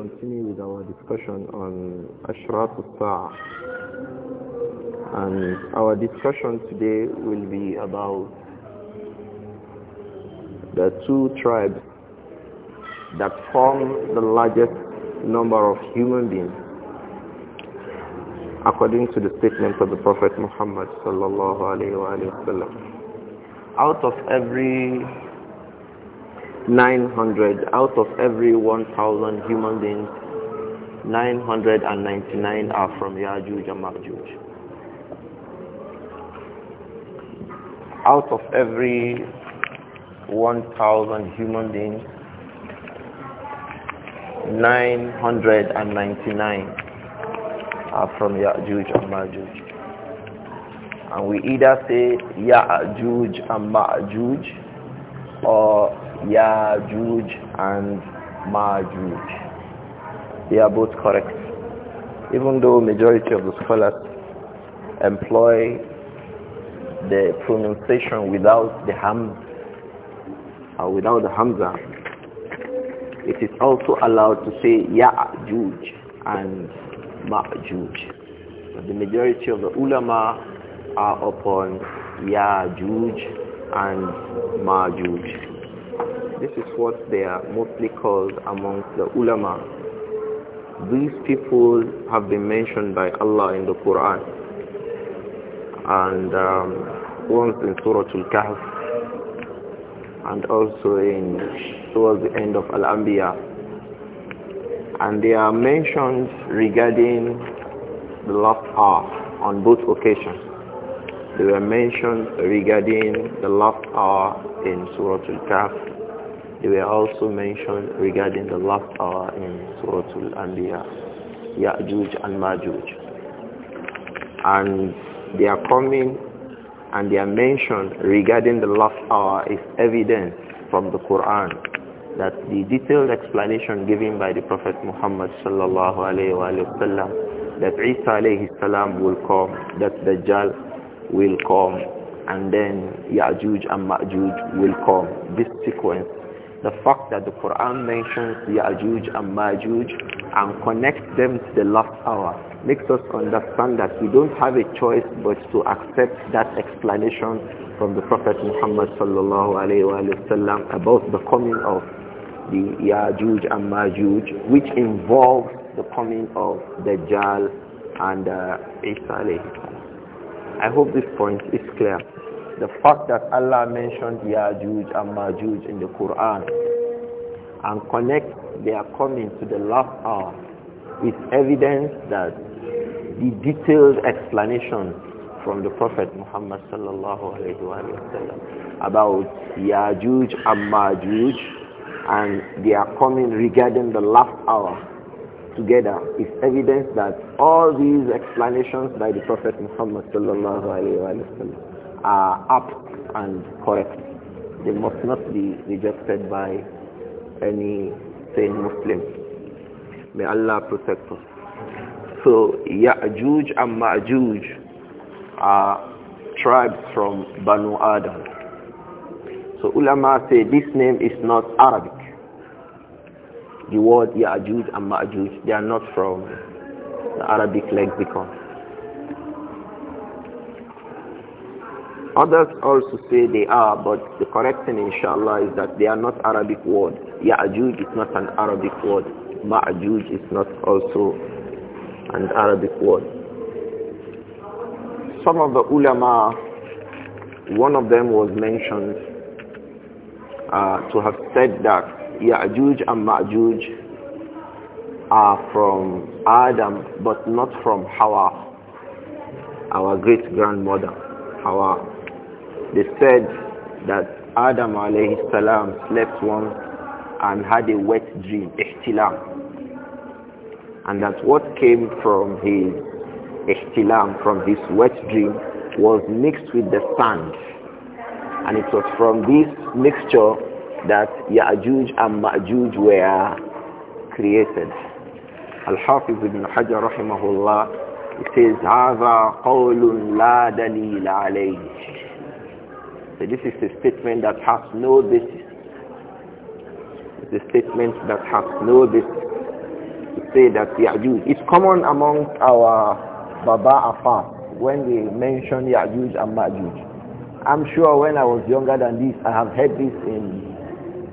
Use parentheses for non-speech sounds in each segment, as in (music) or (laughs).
continue with our discussion on Ashrat al And our discussion today will be about the two tribes that form the largest number of human beings according to the statement of the Prophet Muhammad sallallahu alayhi wa Out of every 900 out of every 1,000 human beings, 999 are from Yajuj and Majuj. Out of every 1,000 human beings, 999 are from Yajuj and Majuj. And we either say Yajuj and Majuj or Yajuj and Majuj. They are both correct. Even though majority of the scholars employ the pronunciation without the ham or uh, without the hamza, it is also allowed to say Yajuj and Majuj. But the majority of the ulama are upon Yajuj and Majuj. This is what they are mostly called amongst the ulama. These people have been mentioned by Allah in the Quran. And um, once in Surah Al-Kahf and also in towards the end of Al-Anbiya. And they are mentioned regarding the last hour on both occasions. They were mentioned regarding the last hour in Surah Al-Kahf they were also mentioned regarding the last hour in Surah Al-Anbiya, Ya'juj and Ma'juj. And they are coming and they are mentioned regarding the last hour is evidence from the Quran that the detailed explanation given by the Prophet Muhammad sallallahu alayhi wa that Isa alayhi salam will come, that Dajjal will come, and then Ya'juj and Ma'juj will come. This sequence the fact that the Quran mentions the Ya'juj and Ma'juj and connects them to the last hour makes us understand that we don't have a choice but to accept that explanation from the Prophet Muhammad sallallahu alayhi wa about the coming of the Ya'juj and Ma'juj which involves the coming of Dajjal and uh, Isa I hope this point is clear the fact that Allah mentioned Ya'juj and Ma'juj in the Quran and connect their coming to the last hour is evidence that the detailed explanation from the Prophet Muhammad sallallahu alayhi wa about Ya'juj and Ma'juj and their coming regarding the last hour together is evidence that all these explanations by the Prophet Muhammad sallallahu alayhi wa sallam are apt and correct. They must not be rejected by any sane Muslim. May Allah protect us. So Ya'juj and Ma'juj are tribes from Banu Adam. So ulama say this name is not Arabic. The word Ya'juj and Ma'juj, they are not from the Arabic lexicon. Others also say they are, but the correct thing, inshallah, is that they are not Arabic words. Ya'juj is not an Arabic word. Ma'juj is not also an Arabic word. Some of the ulama, one of them was mentioned uh, to have said that Ya'juj and Ma'juj are from Adam, but not from Hawa, our great-grandmother, Hawa they said that Adam alayhi salam slept once and had a wet dream, ihtilam. And that what came from his ihtilam, from his wet dream, was mixed with the sand. And it was from this mixture that Ya'juj and Ma'juj were created. Al-Hafiz ibn Hajar rahimahullah, he says, هذا قول لا دليل عليه this is a statement that has no basis. It's a statement that has no basis. To say that Ya'juj. It's common among our Baba Afar when they mention Ya'juj and Ma'juj. I'm sure when I was younger than this, I have heard this in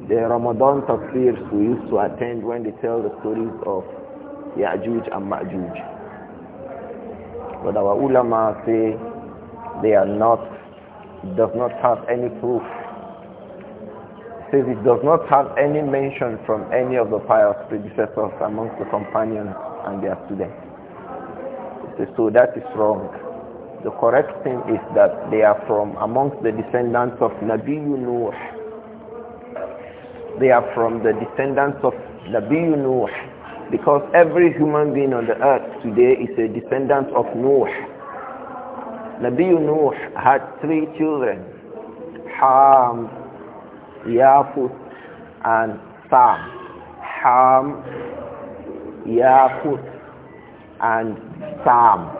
the Ramadan tafsirs we used to attend when they tell the stories of Ya'juj and Ma'juj. But our ulama say they are not it does not have any proof. says it does not have any mention from any of the pious predecessors amongst the companions and their students. Says, so that is wrong. The correct thing is that they are from amongst the descendants of Nabi Nuh. They are from the descendants of Nabi Nuh because every human being on the earth today is a descendant of Noah Nabi Nuh had three children, Ham, Yafut, and Sam. Ham, Yafut, and Sam.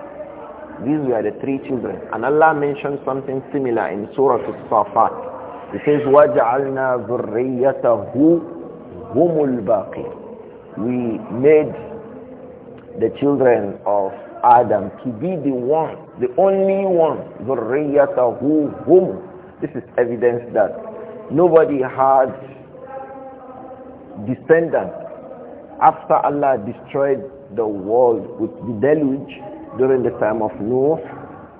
These were the three children. And Allah mentioned something similar in Surah Al-Safat. It says, وَجَعَلْنَا ذُرِّيَّتَهُ هُمُ الْبَاقِينَ We made the children of Adam to be the one, the only one, ذُرِّيَّتَهُ whom. This is evidence that nobody had descendants. After Allah destroyed the world with the deluge during the time of Noah,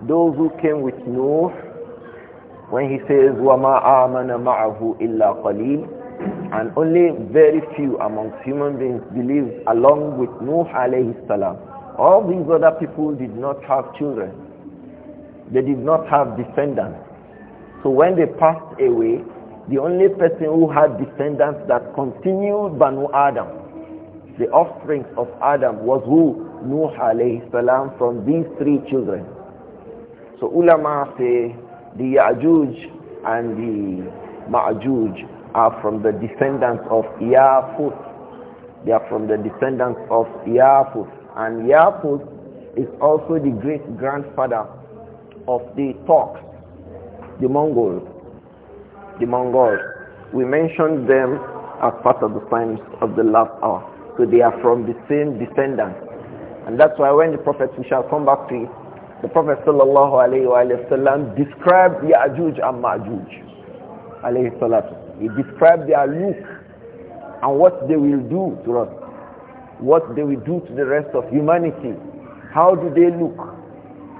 those who came with Noah, when he says, وَمَا آمَنَ مَعَهُ إِلَّا قَلِيلٌ and only very few amongst human beings believed along with Noah alayhi salam. All these other people did not have children. They did not have descendants. So when they passed away, the only person who had descendants that continued Banu Adam, the offspring of Adam, was who? Nuh alayhi salam from these three children. So ulama say the Ya'juj and the Ma'juj are from the descendants of Yafut. They are from the descendants of Yafut. And Yaqut is also the great grandfather of the Turks, the Mongols. The Mongols. We mentioned them as part of the signs of the last hour. So they are from the same descendants. And that's why when the Prophet, we shall come back to it, the Prophet sallallahu alayhi wa, alayhi sallam, described Ya'juj and Ma'juj. He described their look and what they will do to us what they will do to the rest of humanity. How do they look?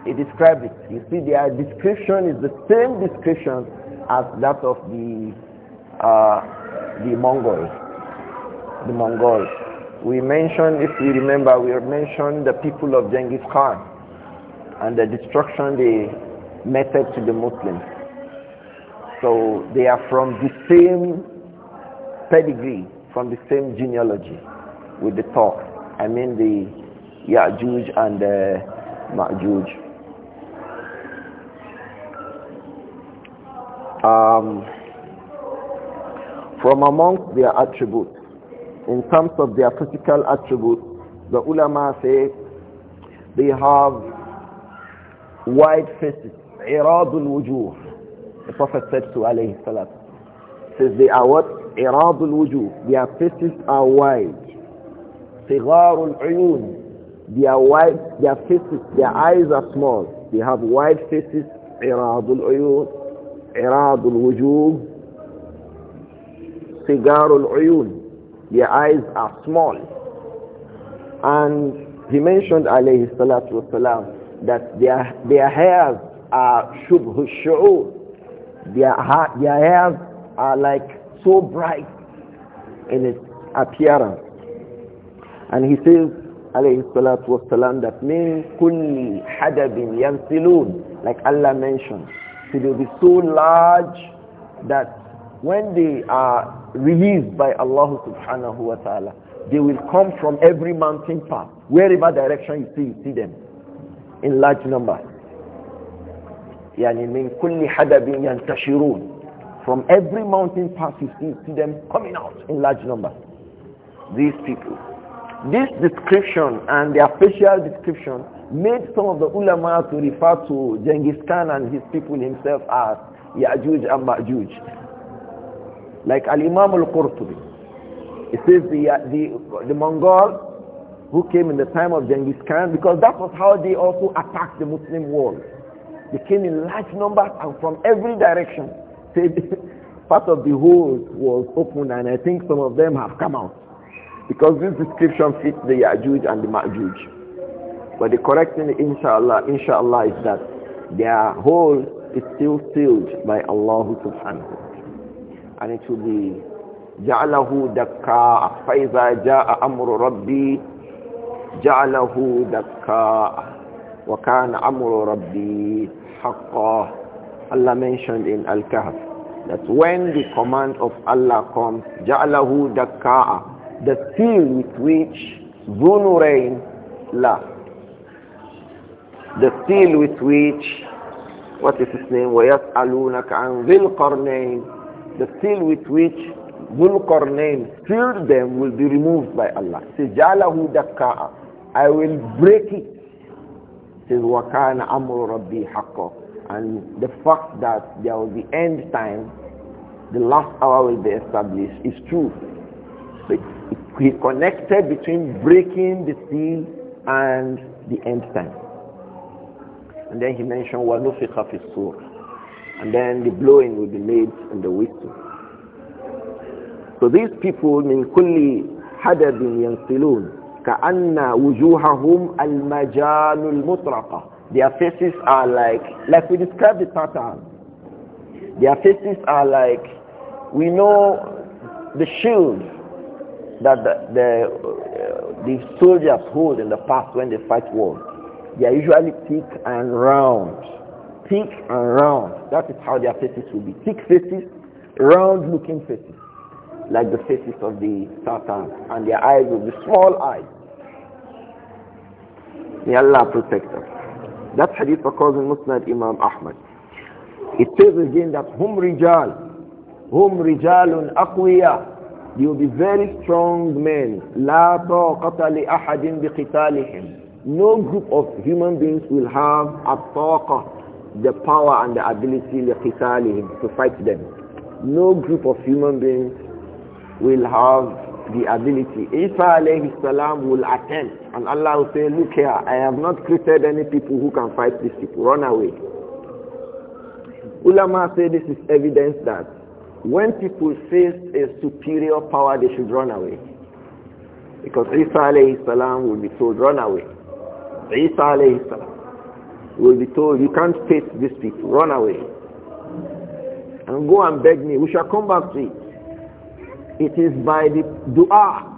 He described it. You see, their description is the same description as that of the uh, the Mongols. The Mongols. We mentioned, if you remember, we mentioned the people of Genghis Khan and the destruction they meted to the Muslims. So they are from the same pedigree, from the same genealogy with the talk. I mean the Ya'juj and the Ma'juj. Um, from amongst their attributes, in terms of their physical attributes, the ulama say they have wide faces, iradul wujuh. The Prophet said to alayhi salat, says they are what? Iradul wujuh. Their faces are wide. صغار العيون their their faces their eyes are small they have wide faces عراض العيون عراض الوجوه صغار العيون their eyes are small and he mentioned alayhi salatu wasalam that their their hairs are shubhu their, their hairs are like so bright in its appearance and he says, alayhi salatu wasalam, that min kulli hadabin yansilun, like Allah mentioned. So they'll be so large that when they are released by Allah subhanahu wa ta'ala, they will come from every mountain path, wherever direction you see, you see them in large numbers. Yani من كل حدب yantashirun," from every mountain pass you see, see them coming out in large numbers. These people. This description and their facial description made some of the ulama to refer to Genghis Khan and his people himself as Ya'juj and Ma'juj. Like Al-Imam Al-Qurtubi. It says the, the, the Mongols who came in the time of Genghis Khan because that was how they also attacked the Muslim world. They came in large numbers and from every direction. (laughs) Part of the hole was open and I think some of them have come out. Because this description fits the Ya'juj and the Ma'juj. But the correct thing, inshallah, inshallah, is that their whole is still sealed by Allah subhanahu. And it will be جعله دكاء فإذا جاء أمر ربي جعله دكاء وكان أمر ربي حقا Allah mentioned in Al-Kahf that when the command of Allah comes جعله دكاء the seal with which Zunurain laughed. The seal with which, what is his name? وَيَسْأَلُونَكَ عَنْ ذِي الْقَرْنَيْنِ The seal with which Zulqarnain sealed them will be removed by Allah. سِجَالَهُ دَكَّاءَ I will break it. Says وَكَانَ أَمْرُ رَبِّي And the fact that there will be end time, the last hour will be established, is true. So he connected between breaking the seal and the end time. And then he mentioned وَنُفِخَ فِي الصُّورِ And then the blowing will be made in the whistle. So these people من كل حدب ينسلون كأن وجوههم المجال المطرقة Their faces are like, like we described the pattern. Their faces are like, we know the shield that the, the, uh, the soldiers hold in the past when they fight war. They are usually thick and round. Thick and round. That is how their faces will be. Thick faces, round looking faces. Like the faces of the Satan. And their eyes will be small eyes. May Allah protect us. That hadith occurs in Musnad Imam Ahmad. It says again that Hum Rijal. Hum Rijalun Aqwiya. You'll be very strong men. لا طاقة لأحد بقتالهم. No group of human beings will have الطاقة, the power and the ability لقتالهم, to fight them. No group of human beings will have the ability. Isa alayhi salam will attempt and Allah will say, look here, I have not created any people who can fight these people. Run away. Ulama say this is evidence that when people face a superior power, they should run away. Because Isa alayhi salam will be told, run away. Isa alayhi salam will be told, you can't face these people, run away. And go and beg me, we shall come back to it. It is by the dua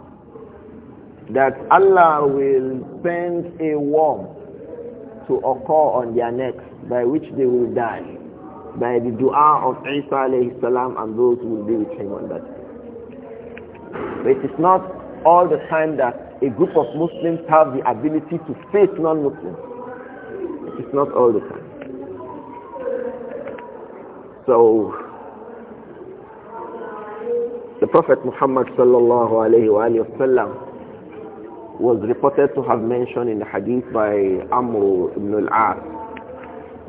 that Allah will send a worm to occur on their necks by which they will die by the dua of Isa alayhi salam and those who will be with him on that day. It is not all the time that a group of Muslims have the ability to face non-Muslims. It is not all the time. So the Prophet Muhammad sallallahu alayhi wa sallam was reported to have mentioned in the hadith by Amr ibn al-As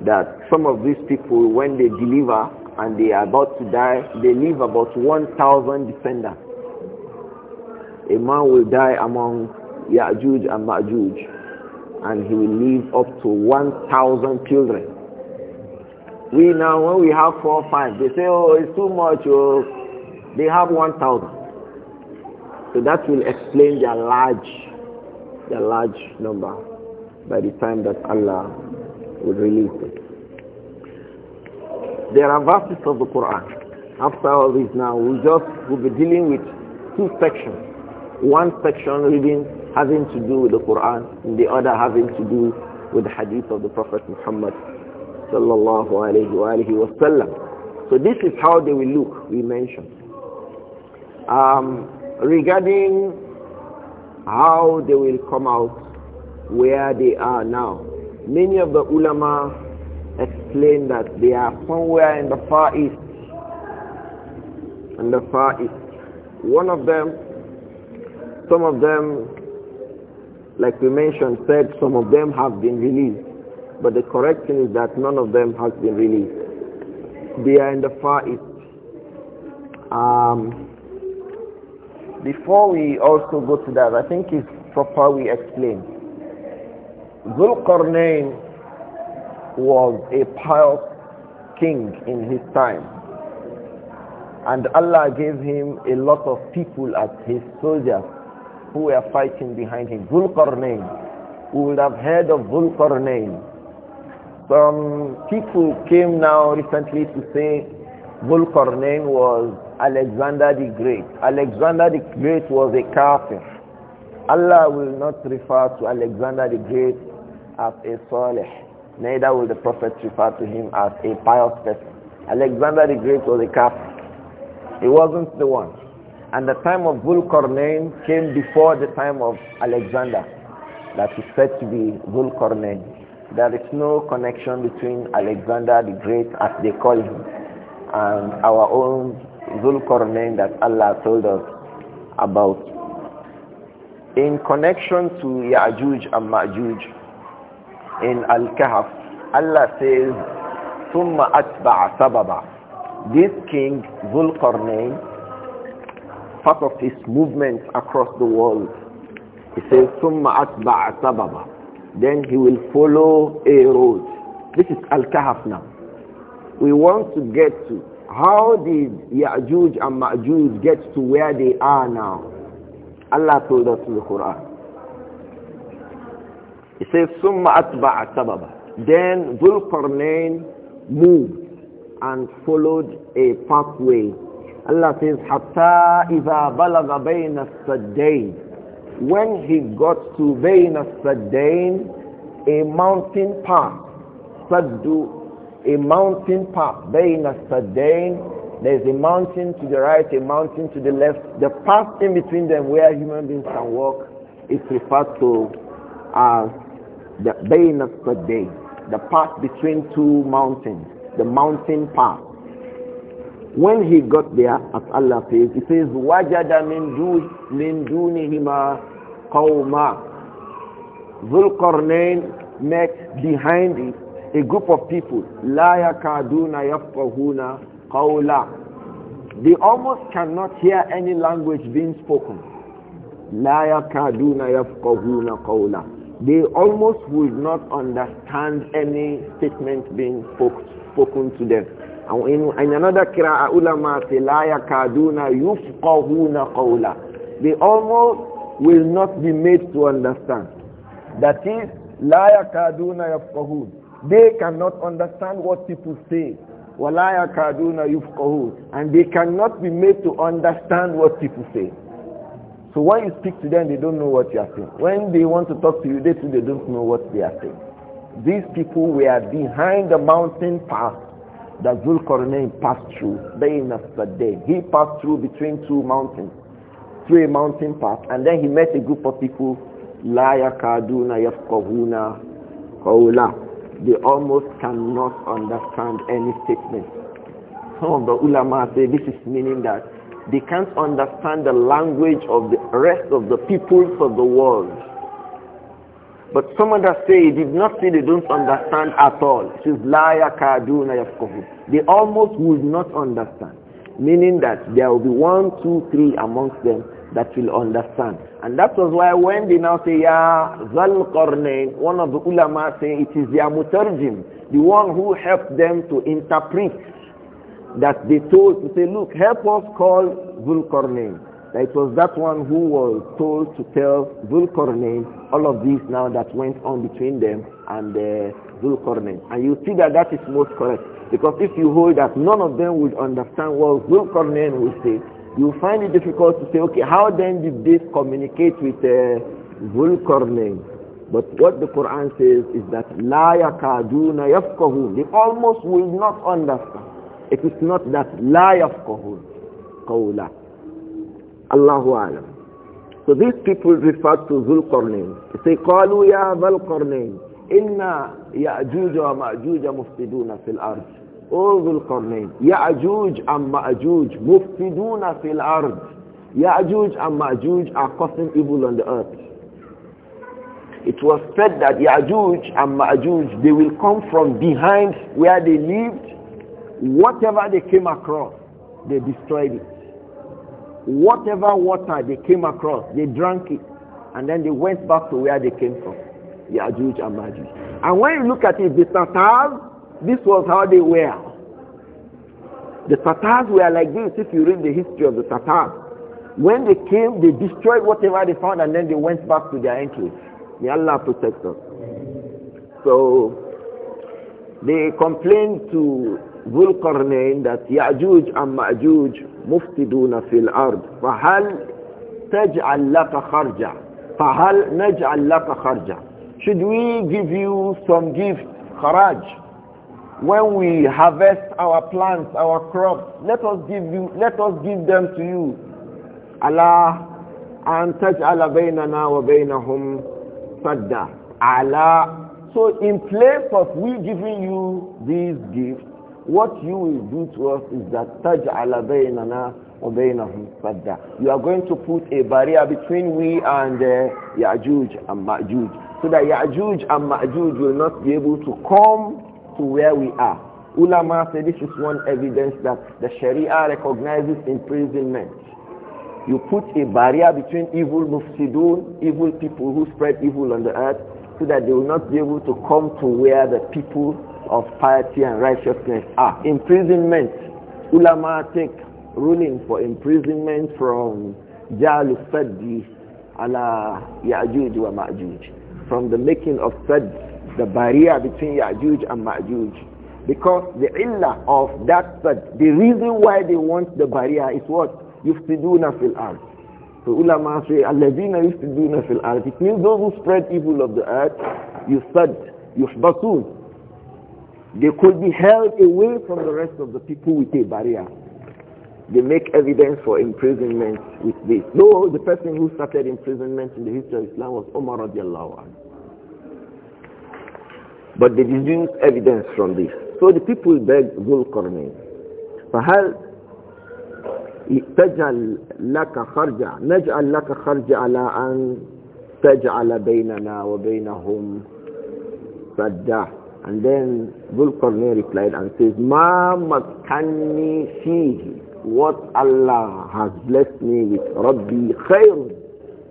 that some of these people, when they deliver and they are about to die, they leave about 1,000 defenders. A man will die among Ya'juj and Ma'juj, and he will leave up to 1,000 children. We now, when we have four or five, they say, oh, it's too much. Oh. They have 1,000. So that will explain their large, their large number by the time that Allah will release it. There are verses of the Quran. After all this now, we just will be dealing with two sections. One section reading having to do with the Quran, and the other having to do with the hadith of the Prophet Muhammad sallallahu alayhi wa So this is how they will look, we mentioned. Um, regarding how they will come out where they are now. Many of the ulama explain that they are somewhere in the Far East. In the Far East. One of them, some of them, like we mentioned, said some of them have been released. But the correction is that none of them has been released. They are in the Far East. Um, before we also go to that, I think it's proper we explain. Zulqarnain was a pious king in his time. And Allah gave him a lot of people as his soldiers who were fighting behind him. Zulqarnain. who would have heard of Zulqarnain. Some people came now recently to say Zulqarnain was Alexander the Great. Alexander the Great was a kafir. Allah will not refer to Alexander the Great as a salih. Neither will the Prophet refer to him as a pious person. Alexander the Great was a kafir. He wasn't the one. And the time of Zulkarnain came before the time of Alexander. That is said to be Zulkarnain. There is no connection between Alexander the Great, as they call him, and our own Zulkarnain that Allah told us about. In connection to Ya'juj and Ma'juj, in Al-Kahf, Allah says, ثُمَّ أَتْبَعَ sababa." This king, Zulqarnain, part of his movements across the world, he says, ثُمَّ أَتْبَعَ sababa." Then he will follow a road. This is Al-Kahf now. We want to get to how did Ya'juj and Ma'juj get to where they are now? Allah told us in the Quran. He says, "Summa atba'a سَبَبًا Then Dhulqarnain moved and followed a pathway. Allah says, "Hatta إِذَا بَلَغَ بَيْنَ السَّدَّيْنِ When he got to بَيْنَ sadain, a mountain path, Saddu, a mountain path, بَيْنَ sadain. there's a mountain to the right, a mountain to the left. The path in between them where human beings can walk is referred to as the Bain of Qadday, the path between two mountains, the mountain path. When he got there, as Allah says, he says, وَجَدَ min دو من دُونِهِمَا قَوْمًا Zulqarnain met behind it a group of people, لَا يَكَادُونَ يَفْقَهُونَ قَوْلًا They almost cannot hear any language being spoken. لَا يَكَادُونَ يَفْقَهُونَ قَوْلًا they almost would not understand any statement being spoken to them. And in another qira'ah, ulama say, kaduna yufqahuna qawla. They almost will not be made to understand. That is, la yakaduna yufqahun. They cannot understand what people say. Wala yakaduna yufqahun. And they cannot be made to understand what people say. So when you speak to them, they don't know what you are saying. When they want to talk to you, they too, they don't know what they are saying. These people were behind the mountain pass that Zulkarnain passed through. Day after day. He passed through between two mountains, through a mountain pass, and then he met a group of people, La yakaduna yafqahuna qawla. They almost cannot understand any statement. Some of the ulama say this is meaning that they can't understand the language of the rest of the peoples of the world. But some others say they did not say they don't understand at all. It is laya kaduna yafkohu. They almost would not understand. Meaning that there will be one, two, three amongst them that will understand. And that was why when they now say, Ya Zal Qarnayn, one of the ulama say it is their mutarjim, the one who helped them to interpret that they told to say, look, help us call Zulkarnain. That it was that one who was told to tell Zulkarnain all of this now that went on between them and uh, Zulkarnain. And you see that that is most correct. Because if you hold that none of them would understand what Zulkarnain will say, you find it difficult to say, okay, how then did this communicate with uh, Zulkarnain? But what the Quran says is that لا يكادون يفقهون. They almost will not understand. It is not that la yafqahun qawla. Allahu alam. So these people refer to Zulqarnain. They say, قالوا يا ذا القرنين إن يأجوج ومأجوج مفسدون في الأرض. Oh Zulqarnain, يأجوج and مأجوج مفسدون في الأرض. Ya'juj am Ma'juj are causing evil on the earth. It was said that Ya'juj and Ma'juj, they will come from behind where they lived Whatever they came across, they destroyed it. Whatever water they came across, they drank it. And then they went back to where they came from. Yajuj and Majuj. And when you look at it, the Tatars, this was how they were. The Tatars were like this if you read the history of the Tatars. When they came, they destroyed whatever they found and then they went back to their entry. May Allah protect us. So they complained to that Ya'juj and Ma'juj muftiduna fil ard fahal taj'al laka kharja fahal naj'al laka kharja should we give you some gift خراج when we harvest our plants our crops let us give you let us give them to you Allah an taj'ala baynana wa hum fadha. Allah. so in place of we giving you these gifts what you will do to us is that taj'ala baynana wa baynahum sadda. You are going to put a barrier between we and uh, Ya'juj and Ma'juj. So that Ya'juj and Ma'juj will not be able to come to where we are. Ulama say this is one evidence that the Sharia recognizes imprisonment. You put a barrier between evil mufsidun, evil people who spread evil on the earth, so that they will not be able to come to where the people of piety and righteousness are imprisonment. Ulama take ruling for imprisonment from Jalu Saddi ala Ya'juj wa Ma'juj. From the making of Sadd, the barrier between Ya'juj and Ma'juj. Because the illah of that Sadd, the reason why they want the barrier is what? Yufsiduna fil ard. So ulama say, Alladina yufsiduna fil ard. It means those who spread evil of the earth, you Sadd, يحبطون they could be held away from the rest of the people with a barrier. They make evidence for imprisonment with this. Though the person who started imprisonment in the history of Islam was Umar radiallahu anhu. But they deduced evidence from this. So the people begged Zulkarnain, فهل تجعل لك خرجا نجعل لك خرجا على أن تجعل بيننا وبينهم سدا and then Zulqarnain replied and says, Ma makanni fihi. What Allah has blessed me with, Rabbi Khair,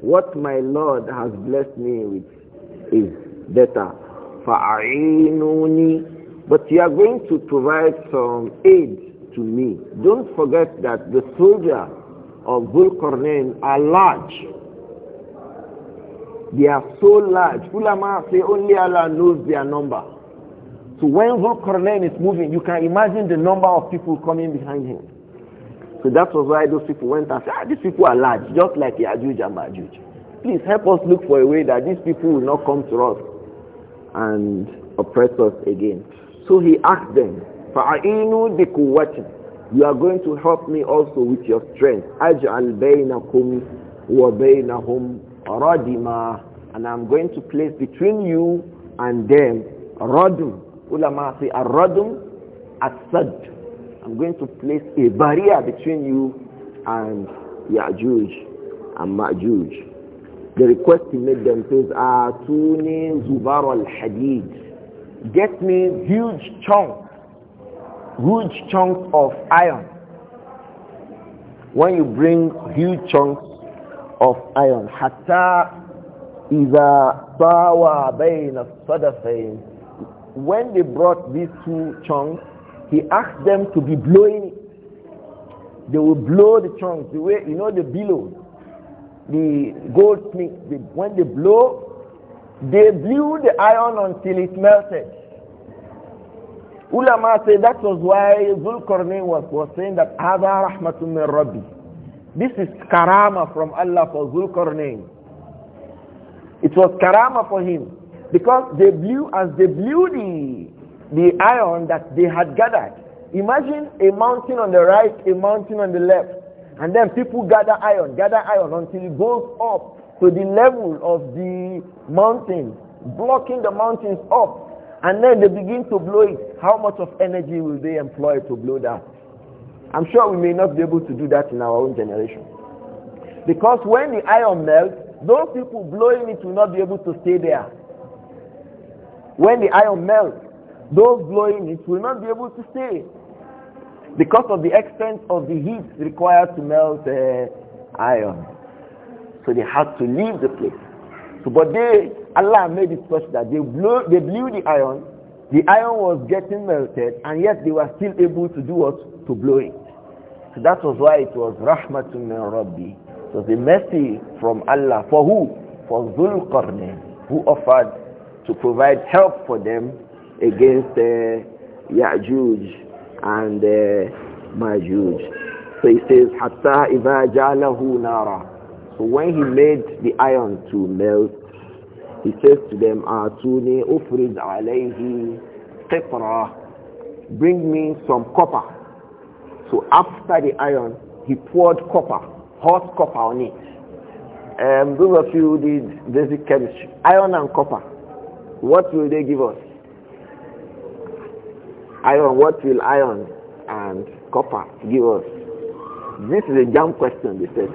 What my Lord has blessed me with is better. Fa'ainuni. But you are going to provide some aid to me. Don't forget that the soldier of Zulqarnain are large they are so large. Ulama say only Allah knows their number. So when Zulkarnain is moving, you can imagine the number of people coming behind him. So that was why those people went and said, ah, these people are large, just like Yajuj and Majuj. Please help us look for a way that these people will not come to us and oppress us again. So he asked them, فَعَإِنُوا بِكُوَّةٍ You are going to help me also with your strength. أَجْعَلْ بَيْنَكُمْ وَبَيْنَهُمْ رَدِمًا And I'm going to place between you and them رَدْمًا Ulama say ar-radum I'm going to place a barrier between you and Ya'juj and Ma'juj. The request he made them says, Atuni Zubar al-Hadid. Get me huge chunks, huge chunks of iron. When you bring huge chunks of iron, Hatta إذا طاوى بين الصدفين when they brought these two chunks, he asked them to be blowing it. They will blow the chunks, the way, you know, the billows, the goldsmith, the, when they blow, they blew the iron until it melted. Ulama said that was why Zulkarnain was, was saying that Ada Rahmatun min Rabbi. This is karama from Allah for Zulkarnain. It was karama for him because they blew as they blew the, the iron that they had gathered. Imagine a mountain on the right, a mountain on the left. And then people gather iron, gather iron until it goes up to the level of the mountain, blocking the mountains up. And then they begin to blow it. How much of energy will they employ to blow that? I'm sure we may not be able to do that in our own generation. Because when the iron melts, those people blowing it will not be able to stay there. When the iron melts, those blowing it will not be able to stay because of the extent of the heat required to melt uh, iron. So they had to leave the place. So, but they, Allah made it such that they blew, they blew the iron, the iron was getting melted, and yet they were still able to do what? To blow it. So that was why it was Rahmatun min Rabbi. It was mercy from Allah. For who? For Zulqarnain, who offered to provide help for them against uh, Ya'juj and uh, Majuj. So he says, "Hatta إِذَا جَعَلَهُ Nara." So when he made the iron to melt, he says to them, آتوني أفرد عليه قطرة Bring me some copper. So after the iron, he poured copper, hot copper on it. Um, those of you who did basic chemistry, iron and copper, what will they give us? Iron, what will iron and copper give us? This is a jump question, they said.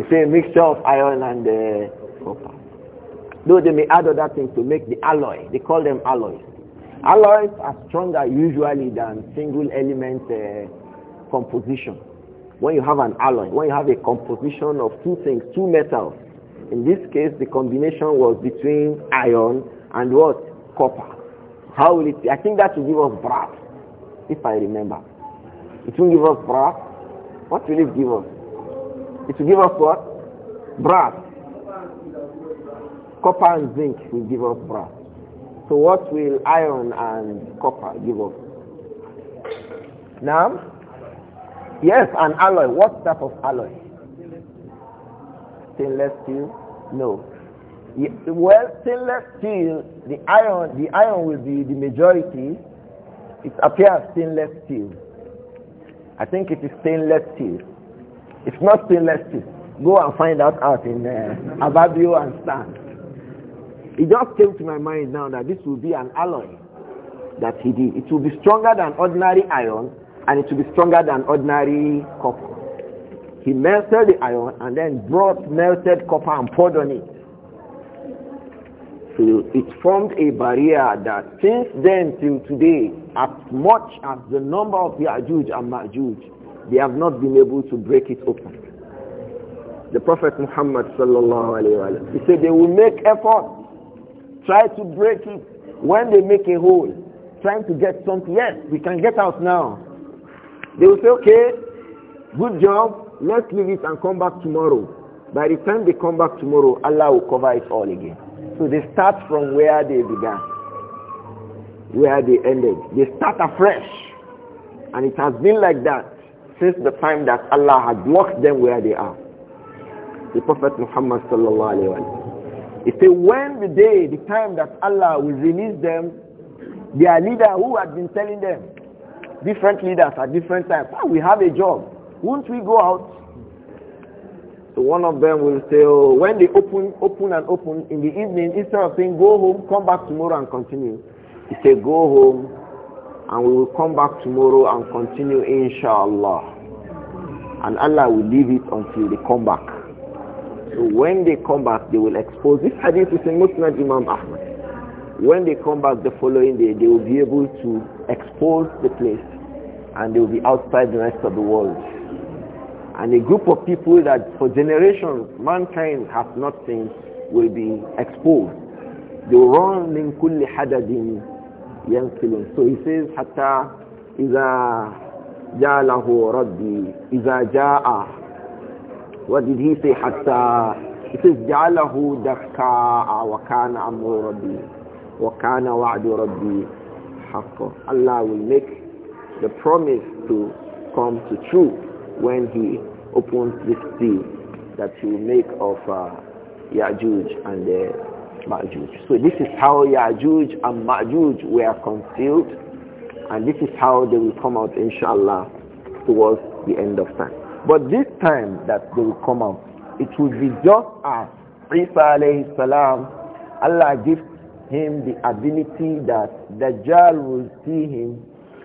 it's (laughs) a mixture of iron and uh, copper. Though they may add other things to make the alloy. They call them alloys. Alloys are stronger usually than single element uh, composition. When you have an alloy, when you have a composition of two things, two metals, in this case, the combination was between iron and what? Copper. How will it be? I think that will give us brass, if I remember. It will give us brass. What will it give us? It will give us what? Brass. Copper and zinc will give us brass. So what will iron and copper give us? Now, yes, an alloy. What type of alloy? stainless steel? No. Well, stainless steel, the iron, the iron will be the majority. It appears stainless steel. I think it is stainless steel. It's not stainless steel. Go and find out out in uh, Ababio and Stan. It just came to my mind now that this will be an alloy that he did. It will be stronger than ordinary iron and it will be stronger than ordinary copper. He melted the iron and then brought melted copper and poured on it. So it formed a barrier that since then till today, as much as the number of Ya'juj and Ma'juj, they have not been able to break it open. The Prophet Muhammad sallallahu alayhi wa sallam, he said they will make effort, try to break it. When they make a hole, trying to get something, yes, we can get out now. They will say, okay, good job, Let's leave it and come back tomorrow. By the time they come back tomorrow, Allah will cover it all again. So they start from where they began, where they ended. They start afresh. And it has been like that since the time that Allah had locked them where they are. The Prophet Muhammad sallallahu alayhi wa sallam. He said, when the day, the time that Allah will release them, their leader who had been telling them, different leaders at different times, ah, we have a job. Won't we go out? So one of them will say, oh, when they open, open and open in the evening, instead of saying, go home, come back tomorrow and continue, he say, go home and we will come back tomorrow and continue, inshallah. And Allah will leave it until they come back. So when they come back, they will expose. This hadith is in Muslim Imam Ahmad. When they come back the following day, they will be able to expose the place and they will be outside the rest of the world. And a group of people that for generations mankind has not seen will be exposed. They will run min kulli hadadin yankilun. So he says, hatta إذا جاله ربي إذا jaa. what did he say Hatta, he says جعله دكاء وكان أمر ربي وكان وعد ربي حقا Allah will make the promise to come to true when he opens this deal that he will make of uh, Ya'juj and uh, Ma'juj. So this is how Ya'juj and Ma'juj were concealed and this is how they will come out inshallah towards the end of time. But this time that they will come out, it will be just as Isa alayhi salam, Allah gives him the ability that Dajjal will see him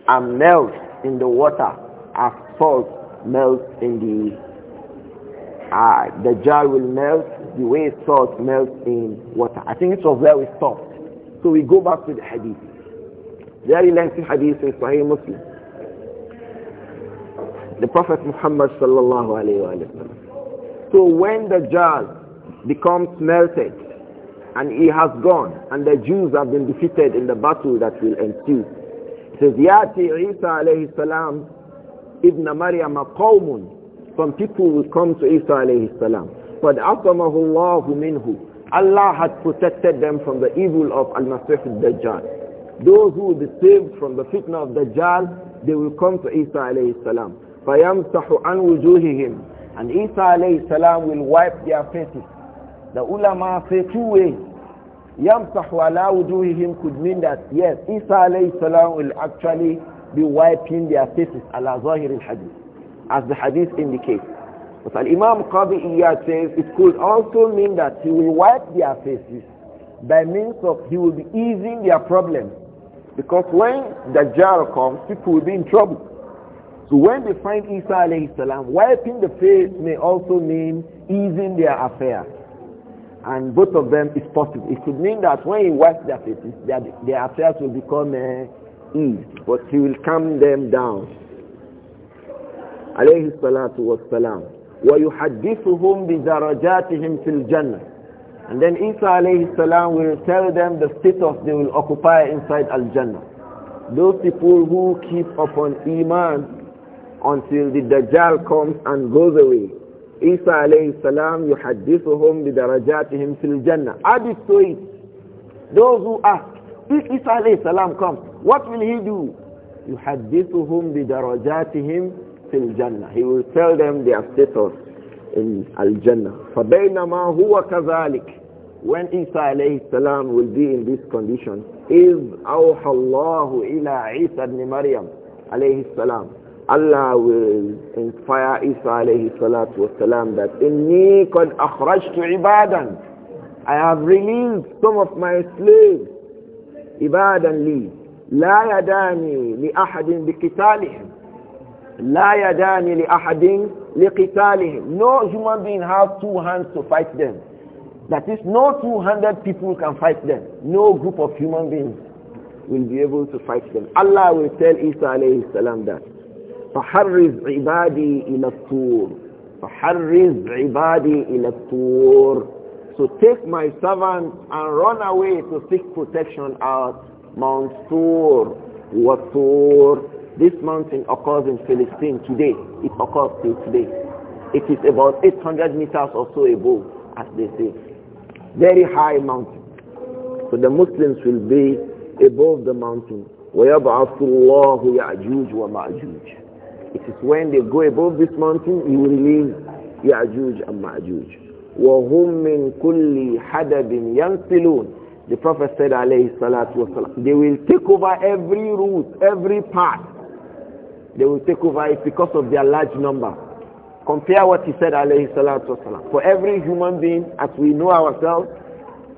and melt in the water as salt Melt in the uh, the jar will melt the way salt melts in water. I think it was where we stopped. So we go back to the hadith. Very lengthy hadith in Sahih Muslim. The Prophet Muhammad sallallahu alayhi wa So when the jar becomes melted and he has gone and the Jews have been defeated in the battle that will ensue, says, Yati Isa alayhi salam ibn Maryam qawmun. from people will come to Isa alayhi salam. But asamahu Allahu minhu. Allah had protected them from the evil of Al-Masih al-Dajjal. Those who will be saved from the fitna of Dajjal, they will come to Isa alayhi salam. فَيَمْسَحُ عَنْ وُجُوهِهِمْ And Isa alayhi salam will wipe their faces. The ulama say two ways. يَمْسَحُ عَلَى وُجُوهِهِمْ could mean that yes, Isa alayhi salam will actually be wiping their faces ala zahir al-hadith, as the hadith indicates. But Al-Imam Qabi Iyad says it could also mean that he will wipe their faces by means of he will be easing their problem. Because when the jar comes, people will be in trouble. So when they find Isa alayhi salam, wiping the face may also mean easing their affair. And both of them is possible. It could mean that when he wipes their faces, their, their affairs will become uh, ease, mm. but he will calm them down. عليه الصلاة والسلام ويحدثهم بدرجاتهم في الجنة and then Isa alayhi salam will tell them the status they will occupy inside Al-Jannah. Those people who keep upon Iman until the Dajjal comes and goes away. Isa alayhi salam yuhaddithuhum bidarajatihim fil Jannah. Add to it. Those who ask, if Isa alayhi salam comes, what will he do? يحدثهم بدرجاتهم في الجنة. He will tell them their status in Al-Jannah. فبينما هو كذلك. When Isa alayhi salam will be in this condition, إذ أوحى الله إلى عيسى بن مريم عليه السلام, Allah will inspire Isa alayhi salatu was that إني قد أخرجت عبادا. I have released some of my slaves. عبادا لي لا يداني لأحد بقتالهم لا يداني لأحد لقتالهم no human being has two hands to fight them that is no two people can fight them no group of human beings will be able to fight them Allah will tell Isa عليه السلام that فحرز عبادي إلى الطور فحرز عبادي إلى الطور So take my servant and run away to seek protection at Mount Sur. What Sur? This mountain occurs in Palestine today. It occurs till today. It is about 800 meters or so above, as they say. Very high mountain. So the Muslims will be above the mountain. وَيَبْعَثُ اللَّهُ يَعْجُوجُ وَمَعْجُوجُ It is when they go above this mountain, He will release Ya'juj and Ma'juj. وَهُمْ مِنْ كُلِّ حَدَبٍ The Prophet said, they will take over every route, every path. They will take over it because of their large number. Compare what he said, عليه salatu For every human being, as we know ourselves,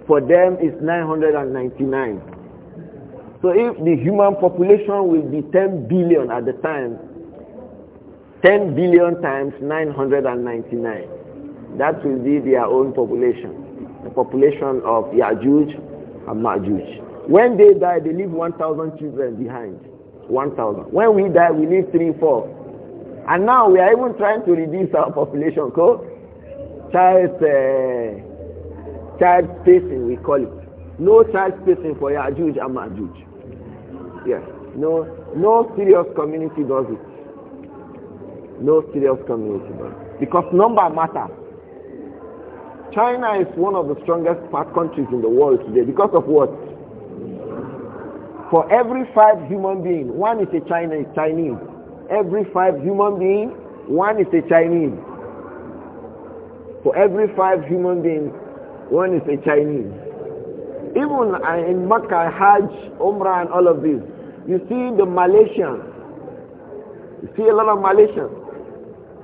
for them is 999. So if the human population will be 10 billion at the time, 10 billion times 999. That will be their own population, the population of Ya'juj and Ma'juj. When they die, they leave 1,000 children behind. 1,000. When we die, we leave 3, 4. And now we are even trying to reduce our population. So, child, uh, child spacing, we call it. No child spacing for Ya'juj and Ma'juj. Yes. No, no serious community does it. No serious community does it. Because number matters. China is one of the strongest fat countries in the world today because of what? For every five human beings, one is a China, Chinese. Every five human beings, one is a Chinese. For every five human beings, one is a Chinese. Even uh, in Makkah, Hajj, Umrah and all of this, you see the Malaysians. You see a lot of Malaysians.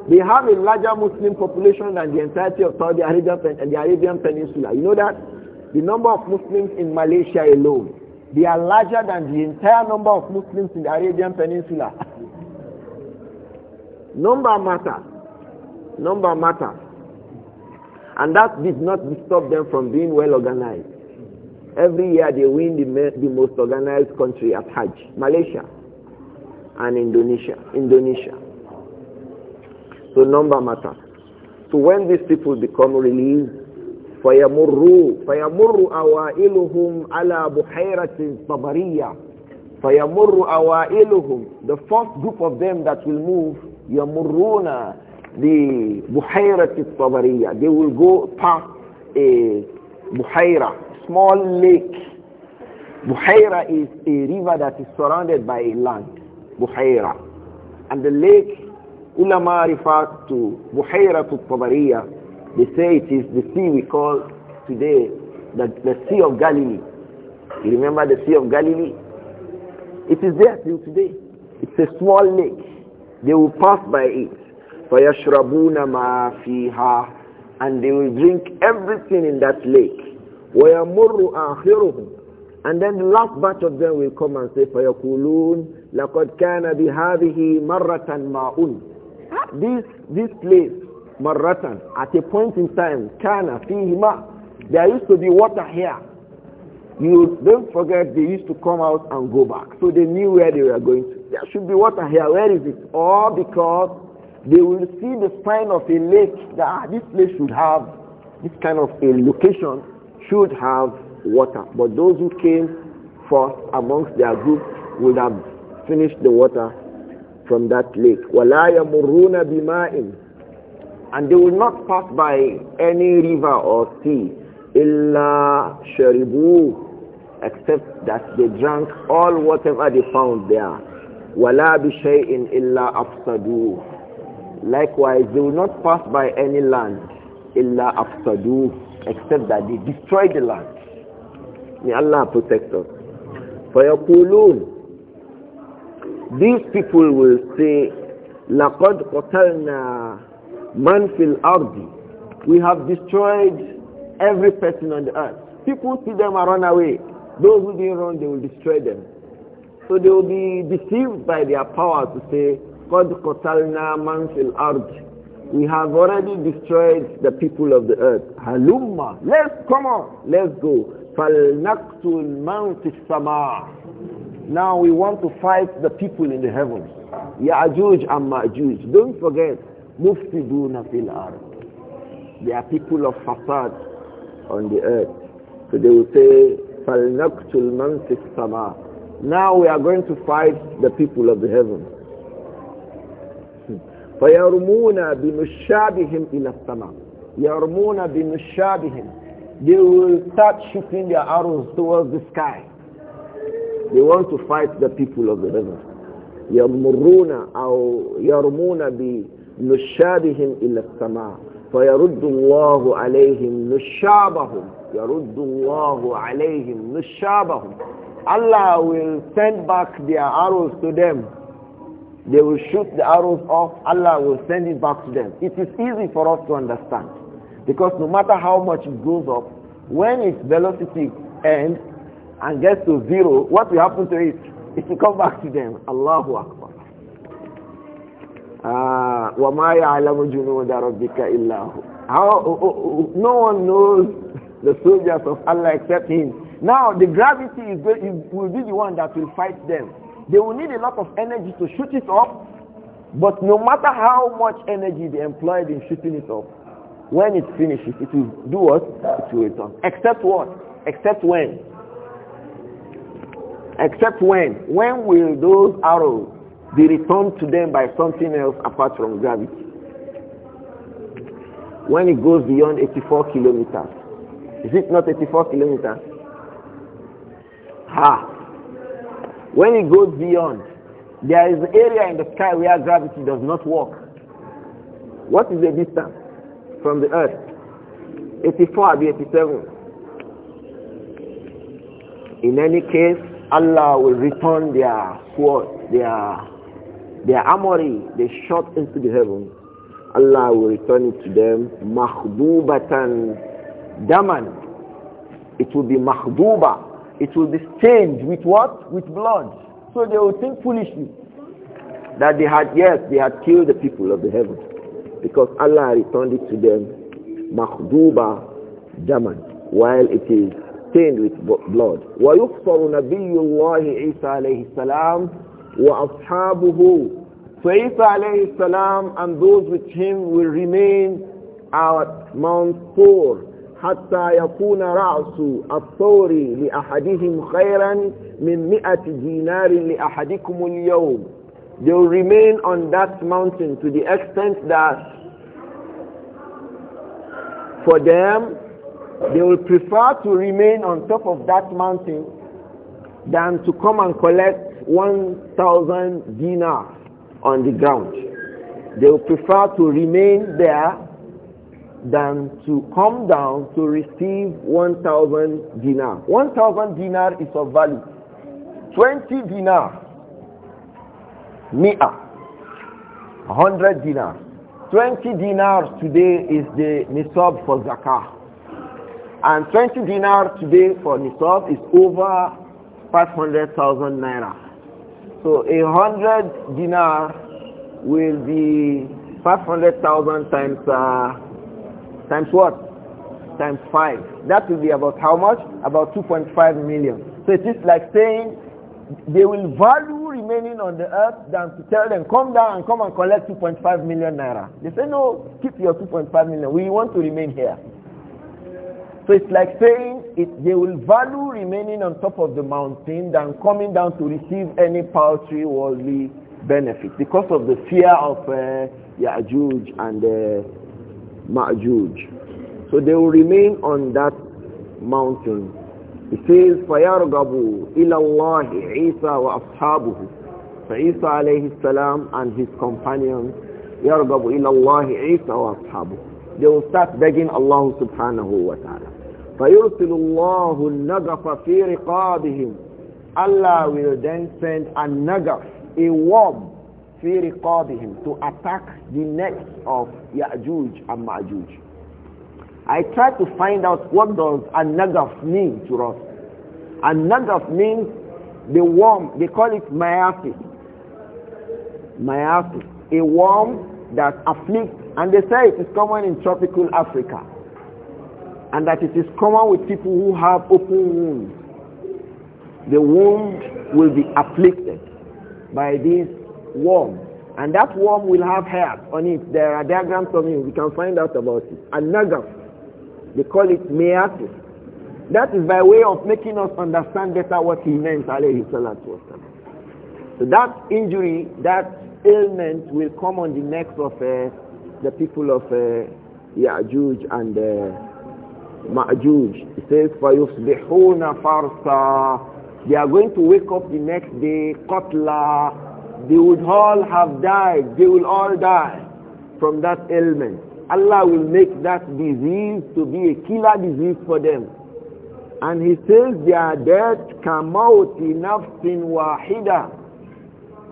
They have a larger Muslim population than the entirety of Saudi Arabia and the Arabian Peninsula. You know that? The number of Muslims in Malaysia alone, they are larger than the entire number of Muslims in the Arabian Peninsula. (laughs) number matters. Number matters. And that did not stop them from being well organized. Every year they win the, the most organized country at Hajj, Malaysia and Indonesia. Indonesia. So number matter. So when these people become released, awa فَيَمُرُّ أَوَائِلُهُمْ عَلَى بُحَيْرَةٍ Fayamuru فَيَمُرُّ أَوَائِلُهُمْ The first group of them that will move, يَمُرُّونَ the بُحَيْرَةِ الطَّبَرِيَّة They will go past a بُحَيْرَة, small lake. Buhaira is a river that is surrounded by land. Buhaira. And the lake Ulama refers to Buhaira to They say it is the sea we call today the, the Sea of Galilee. You remember the Sea of Galilee? It is there till today. It's a small lake. They will pass by it. فَيَشْرَبُونَ ma fiha, And they will drink everything in that lake. وَيَمُرُّ آخِرُهُمْ And then the last batch of them will come and say فَيَقُولُونَ لَقَدْ كَانَ بِهَذِهِ مَرَّةً maun this, this place, Maratan, at a point in time, Kana, Fihima, there used to be water here. You don't forget they used to come out and go back. So they knew where they were going to. There should be water here. Where is it? All because they will see the sign of a lake that ah, this place should have, this kind of a location should have water. But those who came first amongst their group would have finished the water from that lake. وَلَا يَمُرُّونَ بِمَاءٍ And they will not pass by any river or sea. إِلَّا شَرِبُوهُ Except that they drank all whatever they found there. وَلَا بِشَيْءٍ إِلَّا أَفْسَدُوهُ Likewise, they will not pass by any land. إِلَّا أَفْسَدُوهُ Except that they destroy the land. May Allah protect us. فَيَقُولُونَ these people will say, لَقَدْ قَتَلْنَا مَنْ فِي الْأَرْضِ We have destroyed every person on the earth. People see them and run away. Those who didn't run, they will destroy them. So they will be deceived by their power to say, قَدْ قَتَلْنَا مَنْ فِي الْأَرْضِ we have already destroyed the people of the earth. Halumma, let's come on, let's go. فَلْنَقْتُلْ مَنْ فِي السَّمَاءِ now we want to fight the people in the heavens. Ya'juj and Ma'juj. Don't forget, mufsiduna fil ard. They are people of facade on the earth. So they will say, فَلْنَقْتُلْ مَنْ Sama." Now we are going to fight the people of the heavens. فَيَرْمُونَ بِمُشَّابِهِمْ إِلَى السَّمَاءِ يَرْمُونَ بِمُشَّابِهِمْ They will start shooting their arrows towards the sky. They want to fight the people of the river. يَمُرُّونَ أَوْ يَرْمُونَ بِنُشَّابِهِمْ إِلَى السَّمَاءِ فَيَرُدُّ اللَّهُ عَلَيْهِمْ نُشَّابَهُمْ يَرُدُّ اللَّهُ عَلَيْهِمْ نُشَّابَهُمْ Allah will send back their arrows to them. They will shoot the arrows off. Allah will send it back to them. It is easy for us to understand. Because no matter how much it goes up, when its velocity ends, and gets to zero, what will happen to it? It will come back to them. Allahu Akbar. وَمَا يَعْلَمُ جُنُودَ رَبِّكَ إِلَّا How, oh, oh, oh, no one knows the soldiers of Allah except him. Now the gravity is will be the one that will fight them. They will need a lot of energy to shoot it up, but no matter how much energy they employed in shooting it up, when it finishes, it will do what? It will return. Except what? Except when? Except when? When will those arrows be returned to them by something else apart from gravity? When it goes beyond 84 kilometers. Is it not 84 kilometers? Ha! When it goes beyond, there is an area in the sky where gravity does not work. What is the distance from the earth? 84 be 87. In any case, Allah will return their sword, their, their armory they shot into the heaven. Allah will return it to them, mahdubatan daman. It will be mahduba. It will be stained with what? With blood. So they will think foolishly that they had, yes, they had killed the people of the heaven. Because Allah returned it to them, makhduba daman, while it is stained with blood. وَيُفْصَرُ نَبِيُّ اللَّهِ عِيسَى عَلَيْهِ السَّلَامُ وَأَصْحَابُهُ So Isa alayhi salam and those with him will remain at Mount Thor حتى يكون رأس الثور لأحدهم خيرا من مئة دينار لأحدكم اليوم They will remain on that mountain to the extent that for them they will prefer to remain on top of that mountain than to come and collect 1,000 dinars on the ground. They will prefer to remain there than to come down to receive 1,000 dinar. 1,000 dinar is of value. 20 dinar, mi'a, 100 dinar. 20 dinars today is the nisab for zakah. And 20 dinar today for nisab is over 500,000 naira. So a 100 dinar will be 500,000 times, uh, times what? Times 5. That will be about how much? About 2.5 million. So it is like saying they will value remaining on the earth than to tell them, come down and come and collect 2.5 million naira. They say, no, keep your 2.5 million. We want to remain here. So it's like saying it, they will value remaining on top of the mountain than coming down to receive any paltry worldly benefit because of the fear of uh, Ya'juj and uh, Ma'juj. So they will remain on that mountain. It says, فَيَرْغَبُوا إِلَى اللَّهِ عِيسَى وَأَصْحَابُهُ So Isa alayhi salam and his companions, يَرْغَبُوا إِلَى اللَّهِ عِيسَى وَأَصْحَابُهُ They will start begging Allah subhanahu wa ta'ala. فَيُرْسِلُ اللَّهُ النَّجَفَ فِي رِقَابِهِمْ Allah will then send a nagaf, a worm, فِي رِقَابِهِمْ to attack the necks of Ya'juj and Ma'juj. I tried to find out what does a nagaf mean to us. A nagaf means the worm, they call it myasis. Myasis, a worm that afflicts, and they say it is common in tropical Africa and that it is common with people who have open wounds. The wound will be afflicted by this worm. And that worm will have hair on it. There are diagrams on it. We can find out about it. And nagas, They call it meatus. That is by way of making us understand better what he meant, alayhi salatu So that injury, that ailment will come on the necks of uh, the people of uh, Ya'juj and uh, Ma'juj. It says, فَيُصْبِحُونَ فَرْسًا They are going to wake up the next day, قَتْلًا They would all have died. They will all die from that ailment. Allah will make that disease to be a killer disease for them. And he says their death kamauti nafsin wahida.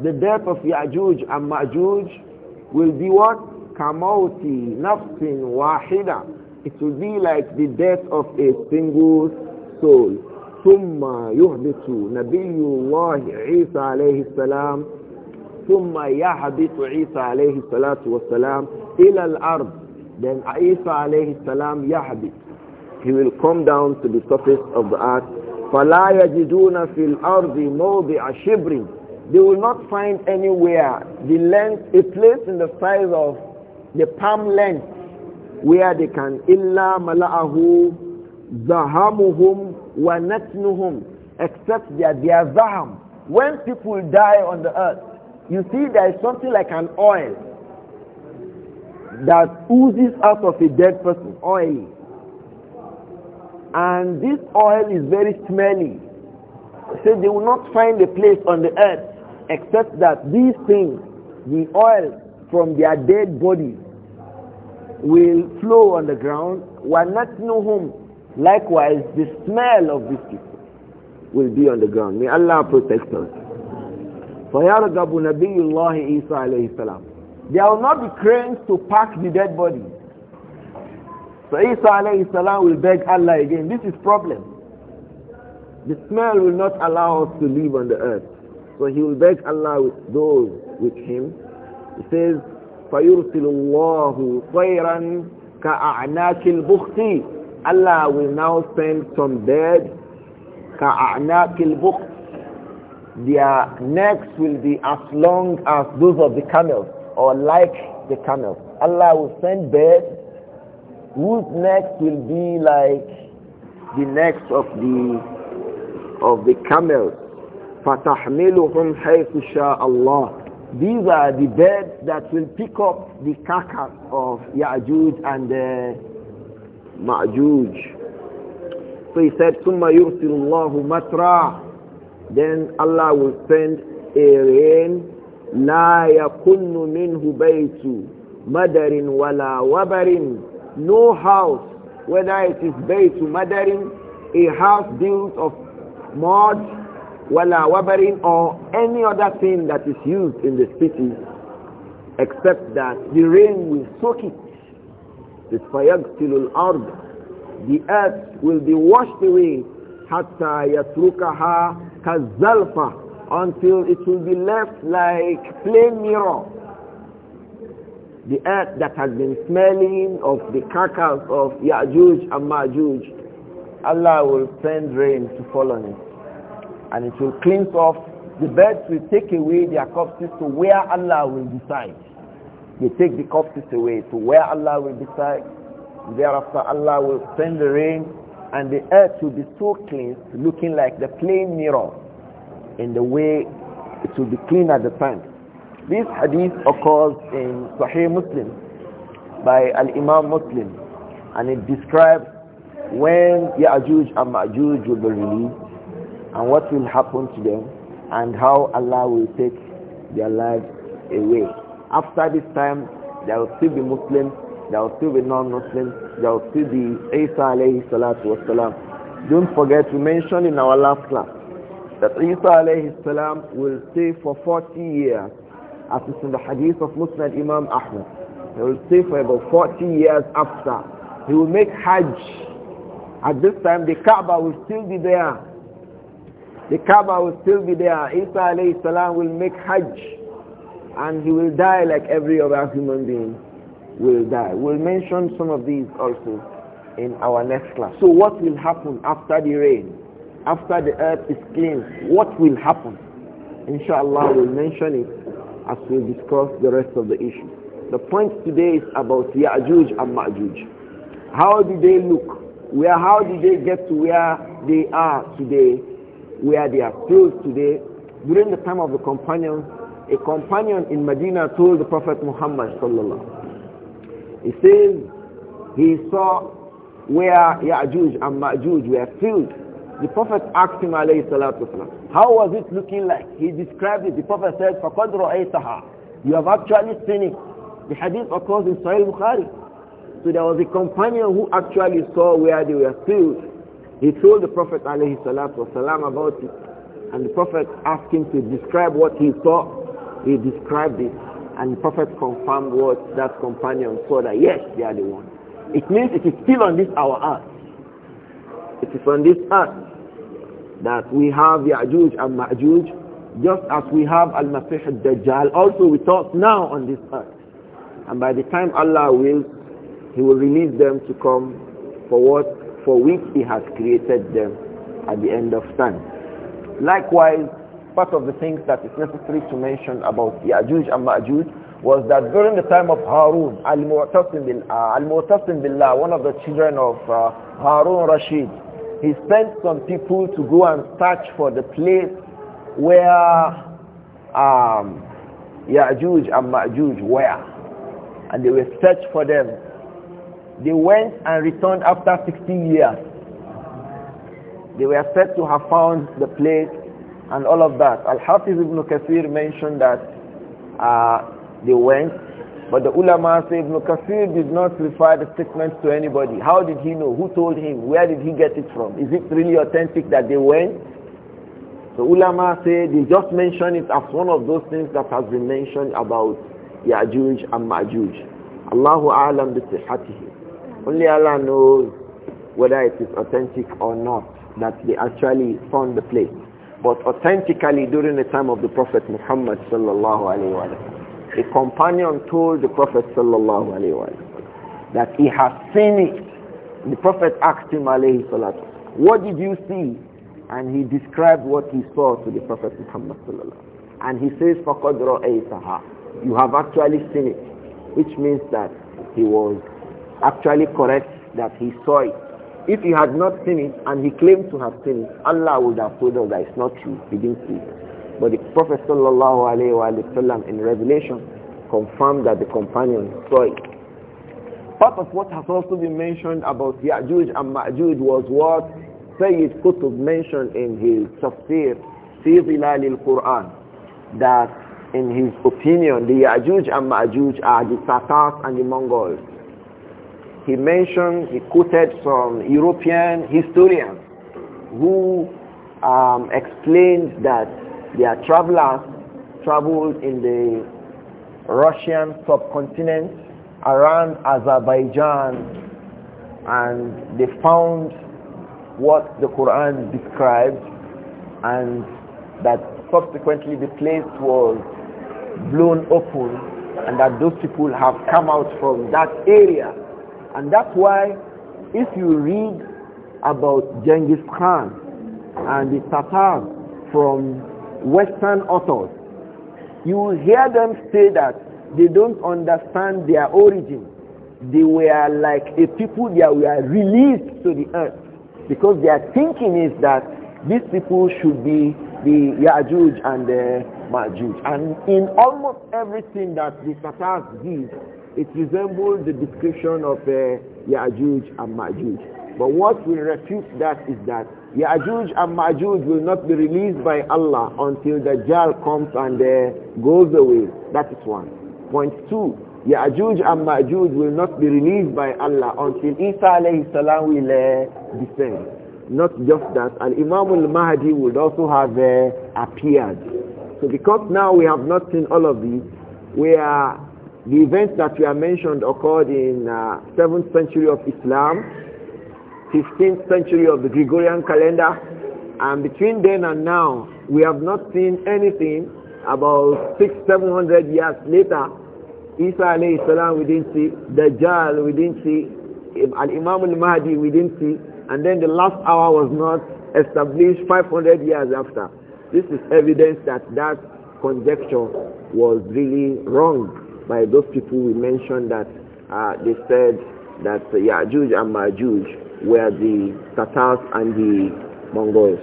The death of Ya'juj and Ma'juj will be what? Kamauti nafsin wahida. It will be like the death of a single soul. ثم يهبط نبي الله عيسى عليه السلام ثم يهبط عيسى عليه الصلاة والسلام إلى الأرض then عيسى عليه السلام يهبط he will come down to the surface of the earth فلا يجدون في الأرض موضع شبر they will not find anywhere the length a place in the size of the palm length where they can illa mala'ahu zahamuhum wa natnuhum except that their zaham when people die on the earth you see there is something like an oil that oozes out of a dead person oil and this oil is very smelly so they will not find a place on the earth except that these things the oil from their dead bodies will flow on the ground. whom. Likewise, the smell of these people will be on the ground. May Allah protect us. فَيَرْغَبُ نَبِيُّ اللَّهِ إِيسَى عَلَيْهِ السَّلَامُ There will not be cranes to pack the dead body. So Isa alayhi salam will beg Allah again. This is problem. The smell will not allow us to live on the earth. So he will beg Allah with those with him. He says, فَيُرْسِلُ اللَّهُ طَيْرًا كَأَعْنَاكِ الْبُخْتِ Allah will now send some birds كَأَعْنَاكِ الْبُخْتِ Their necks will be as long as those of the camels or like the camels. Allah will send birds whose necks will be like the necks of the of the camels. فَتَحْمِلُهُمْ حَيْثُ شَاءَ اللَّهُ these are the birds that will pick up the carcass of Ya'juj and the Ma'juj. So he said, ثُمَّ يُرْسِلُ اللَّهُ مَتْرًا Then Allah will send a rain لا يكن منه بيت مدر ولا وبر no house whether it is بيت مدر a house built of mud wala wabarin or any other thing that is used in the species except that the rain will soak it. the This fayaghsilul ard. The earth will be washed away hatta yatrukaha kazalfa until it will be left like plain mirror. The earth that has been smelling of the carcass of Ya'juj and Ma'juj, Allah will send rain to fall on it and it will cleanse off. The birds will take away their corpses to where Allah will decide. They take the corpses away to where Allah will decide. Thereafter Allah will send the rain and the earth will be so cleansed looking like the plain mirror in the way it will be clean at the time. This hadith occurs in Sahih Muslim by Al-Imam Muslim and it describes when Ya'juj and Ma'juj will be released and what will happen to them and how Allah will take their lives away. After this time, there will still be Muslims, there will still be non-Muslims, there will still be Isa alayhi salatu wasalam. Don't forget to mention in our last class that Isa alayhi salam will stay for 40 years as is in the hadith of Muslim Imam Ahmad. He will stay for about 40 years after. He will make Hajj. At this time the Kaaba will still be there the Kaaba will still be there. Isa alayhi salam will make Hajj and he will die like every other human being will die. We'll mention some of these also in our next class. So what will happen after the rain? After the earth is cleansed, what will happen? Inshallah, we'll mention it as we discuss the rest of the issue. The point today is about Ya'juj and Ma'juj. How do they look? Where, how did they get to where they are today? where they are closed today. During the time of the companions, a companion in Medina told the Prophet Muhammad sallallahu He says he saw where Ya'juj and Ma'juj were filled. The Prophet asked him alayhi salatu how was it looking like? He described it. The Prophet said, فَقَدْ رَأَيْتَهَا You have actually seen it. The hadith occurs in Sahih Bukhari. So there was a companion who actually saw where they were filled he told the Prophet alayhi about it. And the Prophet asked him to describe what he saw. He described it. And the Prophet confirmed what that companion saw that yes, they are the one. It means it is still on this our earth. It is on this earth that we have Ya'juj and Ma'juj just as we have Al-Masih al-Dajjal also with us now on this earth. And by the time Allah will, He will release them to come for what for which he has created them at the end of time. Likewise, part of the things that is necessary to mention about Ya'juj and Ma'juj was that during the time of Harun, Al-Mu'tasim bil, uh, Billah, one of the children of uh, Harun Rashid, he sent some people to go and search for the place where um, Ya'juj and Ma'juj were. And they were searched for them they went and returned after 16 years. They were said to have found the place and all of that. Al-Hafiz ibn Kathir mentioned that uh, they went, but the ulama say ibn Kathir did not refer the statement to anybody. How did he know? Who told him? Where did he get it from? Is it really authentic that they went? The ulama say they just mention it as one of those things that has been mentioned about Ya'juj and Ma'juj. Allahu a'lam bi sihhatihi. Only Allah knows whether it is authentic or not that they actually found the place. But authentically during the time of the Prophet Muhammad sallallahu alaihi wasallam, a companion told the Prophet sallallahu alaihi wasallam that he has seen it. The Prophet asked him alayhi salatu, what did you see? And he described what he saw to the Prophet Muhammad sallallahu and he says, فَقَدْ رَأَيْتَهَا You have actually seen it. Which means that he was actually correct that he saw it. If he had not seen it and he claimed to have seen it, Allah would have told us that it's not true. He didn't see it. But the Prophet sallallahu alaihi wasallam in Revelation confirmed that the companion saw it. Part of what has also been mentioned about Ya'juj and Ma'juj was what Sayyid Qutb mentioned in his tafsir, في Quran that in his opinion, the Ya'juj and Ma'juj are the Tatars and the Mongols he mentioned, he quoted some European historians who um, explained that their travelers traveled in the Russian subcontinent around Azerbaijan and they found what the Quran described and that subsequently the place was blown open and that those people have come out from that area and that's why if you read about Genghis Khan and the Tatars from Western authors, you will hear them say that they don't understand their origin. They were like a people that were released to the earth because their thinking is that these people should be the Yajuj and the Majuj. And in almost everything that the Tatars did, it resembles the description of uh, Ya'juj and Ma'juj. But what will refute that is that Ya'juj and Ma'juj will not be released by Allah until the Jal comes and uh, goes away. That is one. Point two, Ya'juj and Ma'juj will not be released by Allah until Isa alayhi salam will uh, descend. Not just that, and Imam al-Mahdi would also have uh, appeared. So because now we have not seen all of these, we are the events that we have mentioned occurred in uh, 7th century of Islam, 15th century of the Gregorian calendar, and between then and now, we have not seen anything about six, seven hundred years later. Isa alayhi salam we didn't see, Dajjal we didn't see, Al-Imam al-Mahdi we didn't see, and then the last hour was not established 500 years after. This is evidence that that conjecture was really wrong by those people we mentioned that uh, they said that uh, Ya'juj and Ma'juj were the Tatars and the Mongols.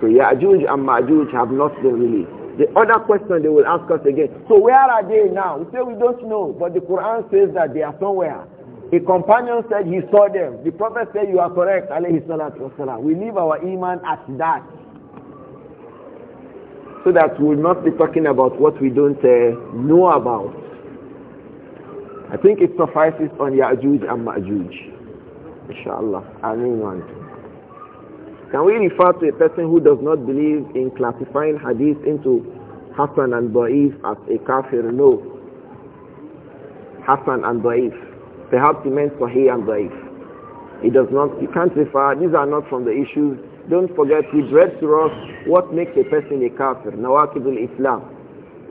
So Ya'juj and Ma'juj have not been released. The other question they will ask us again, so where are they now? We say we don't know, but the Quran says that they are somewhere. A companion said he saw them. The Prophet said you are correct, alayhi salatu wasalam. We leave our iman at that. So that we will not be talking about what we don't uh, know about. I think it suffices on Ya'juj and Ma'juj. Inshallah. Ameen I one. Can we refer to a person who does not believe in classifying hadith into Hassan and Da'if as a kafir? No. Hassan and Da'if. Perhaps he meant Sahih and Da'if. He does not, you can't refer, these are not from the issues. Don't forget, he read to us what makes a person a kafir, al Islam.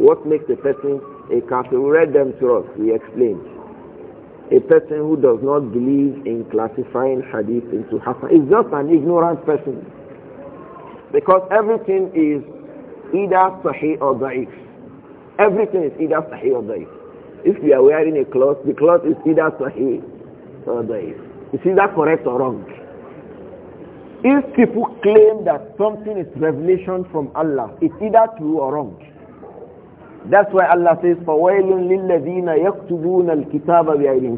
What makes a person a kafir? We read them to us, we explained a person who does not believe in classifying hadith into hasan is just an ignorant person. Because everything is either sahih or da'if. Everything is either sahih or da'if. If you are wearing a cloth, the cloth is either sahih or da'if. Is either correct or wrong. If people claim that something is revelation from Allah, it's either true or wrong that's why allah says fawailun lilladhina yaktubuna alkitaba biaydihim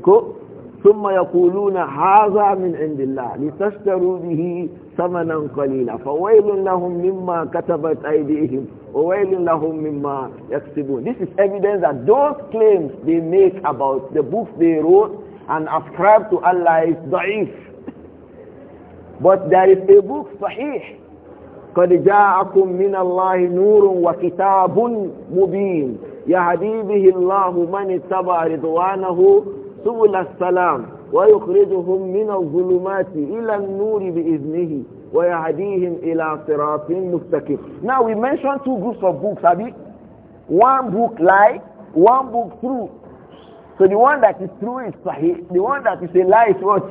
thumma yaquluna hadha min indillah litashtaru bihi thamanan qalila fawailun lahum mimma katabat aydihim wailun lahum mimma yaktubun this is evidence that those claims they make about the book they wrote and ascribe to allah is da'if but there is a book sahih قد جاءكم من الله نور وكتاب مبين يهدي به الله من اتبع رضوانه سبل السلام ويخرجهم من الظلمات إلى النور بإذنه ويهديهم إلى صراط مستقيم Now we mentioned two groups of books, Abi. One book lie, one book true. So the one that is true is Sahih. The one that is a lie is what?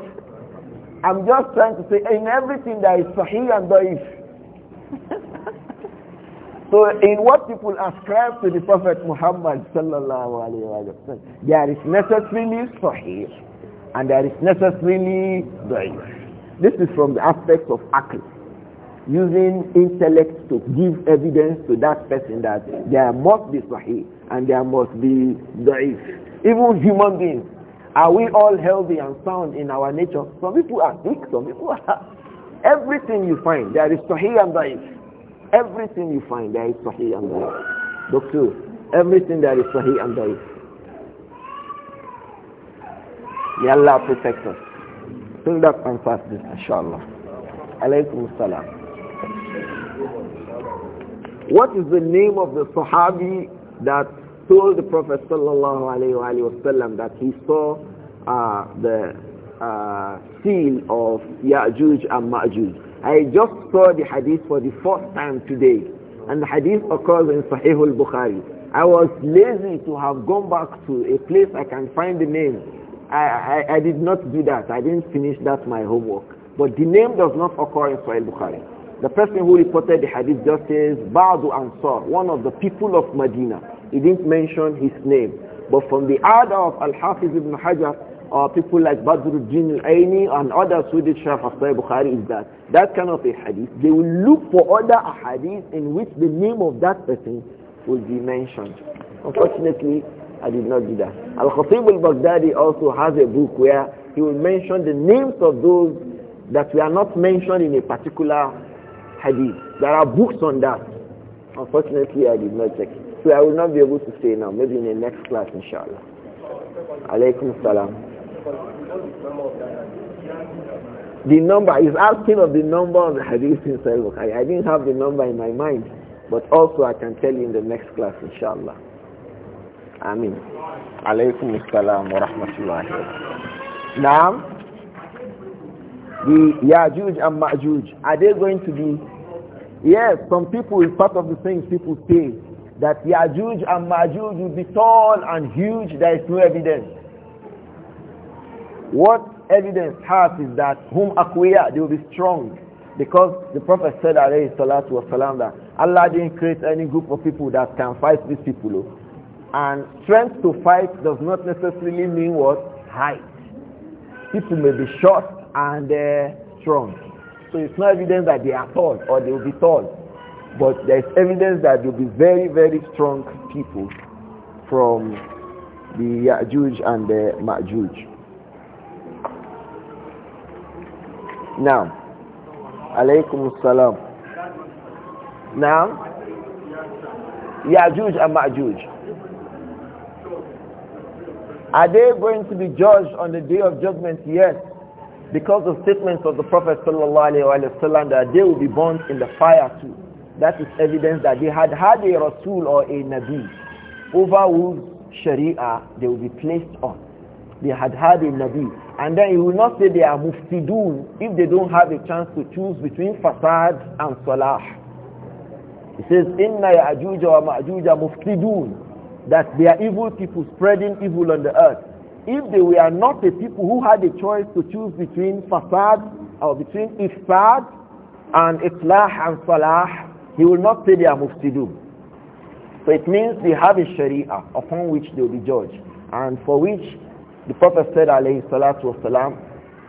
I'm just trying to say in everything that is Sahih and Daif. so in what people ascribe to the Prophet Muhammad sallallahu alaihi wasallam, there is necessarily sahih and there is necessarily da'if. This is from the aspect of akhl, using intellect to give evidence to that person that there must be sahih and there must be da'if. Even human beings, are we all healthy and sound in our nature? Some people are sick, some people are Everything you find, there is Sahih and Da'if. Everything you find, there is Sahih and Da'if. Doctor, everything there is Sahih and Da'if. May Allah protect us. Bring that and fast this, inshallah. Alaykum salam. What is the name of the Sahabi that told the Prophet sallallahu alayhi wa sallam that he saw uh, the uh, seal of Ya'juj and Ma'juj. I just saw the hadith for the first time today. And the hadith occurs in Sahih al-Bukhari. I was lazy to have gone back to a place I can find the name. I, I, I did not do that. I didn't finish that my homework. But the name does not occur in Sahih Bukhari. The person who reported the hadith just says, Ba'du Ansar, one of the people of Medina. He didn't mention his name. But from the order of Al-Hafiz ibn Hajar, or people like Badruddin al-Aini and other Swedish did of Bukhari is that that cannot be hadith, they will look for other hadith in which the name of that person will be mentioned. Unfortunately, I did not do that. Al-Khatib al-Baghdadi also has a book where he will mention the names of those that were not mentioned in a particular hadith. There are books on that. Unfortunately, I did not check it. So I will not be able to say now. Maybe in the next class, inshallah. Alaykum salam. The number is asking of the number of the hadith in Sahih Bukhari. I didn't have the number in my mind, but also I can tell you in the next class, inshallah. Amin. Alaykum assalam wa rahmatullahi Now, the Yajuj and Majuj, are they going to be? Yes, some people, part of the things people say, that Yajuj and Majuj will be tall and huge, there is no evidence. What evidence has is that whom acquire, they will be strong. Because the Prophet said, alayhi salatu wasalam, that Allah didn't create any group of people that can fight these people. And strength to fight does not necessarily mean what? Height. People may be short and uh, strong. So it's not evidence that they are tall or they will be tall. But there is evidence that they will be very, very strong people from the Ya'juj and the Ma'juj. Now, alaykum salam. Now, Ya'juj and Ma'juj. Are they going to be judged on the day of judgment? Yes. Because of statements of the Prophet wasallam that they will be burnt in the fire too. That is evidence that they had had a Rasul or a Nabi over whose Sharia they will be placed on they had had a Nabi. And then he will not say they are muftidun if they don't have a chance to choose between fasad and salah. He says, Inna ya'juja wa ma'juja muftidun. That they are evil people spreading evil on the earth. If they were not the people who had a choice to choose between fasad or between ifsad and salah and salah, he will not say they are muftidun. So it means they have a sharia upon which they will be judged and for which the Prophet said, alayhi salatu salam,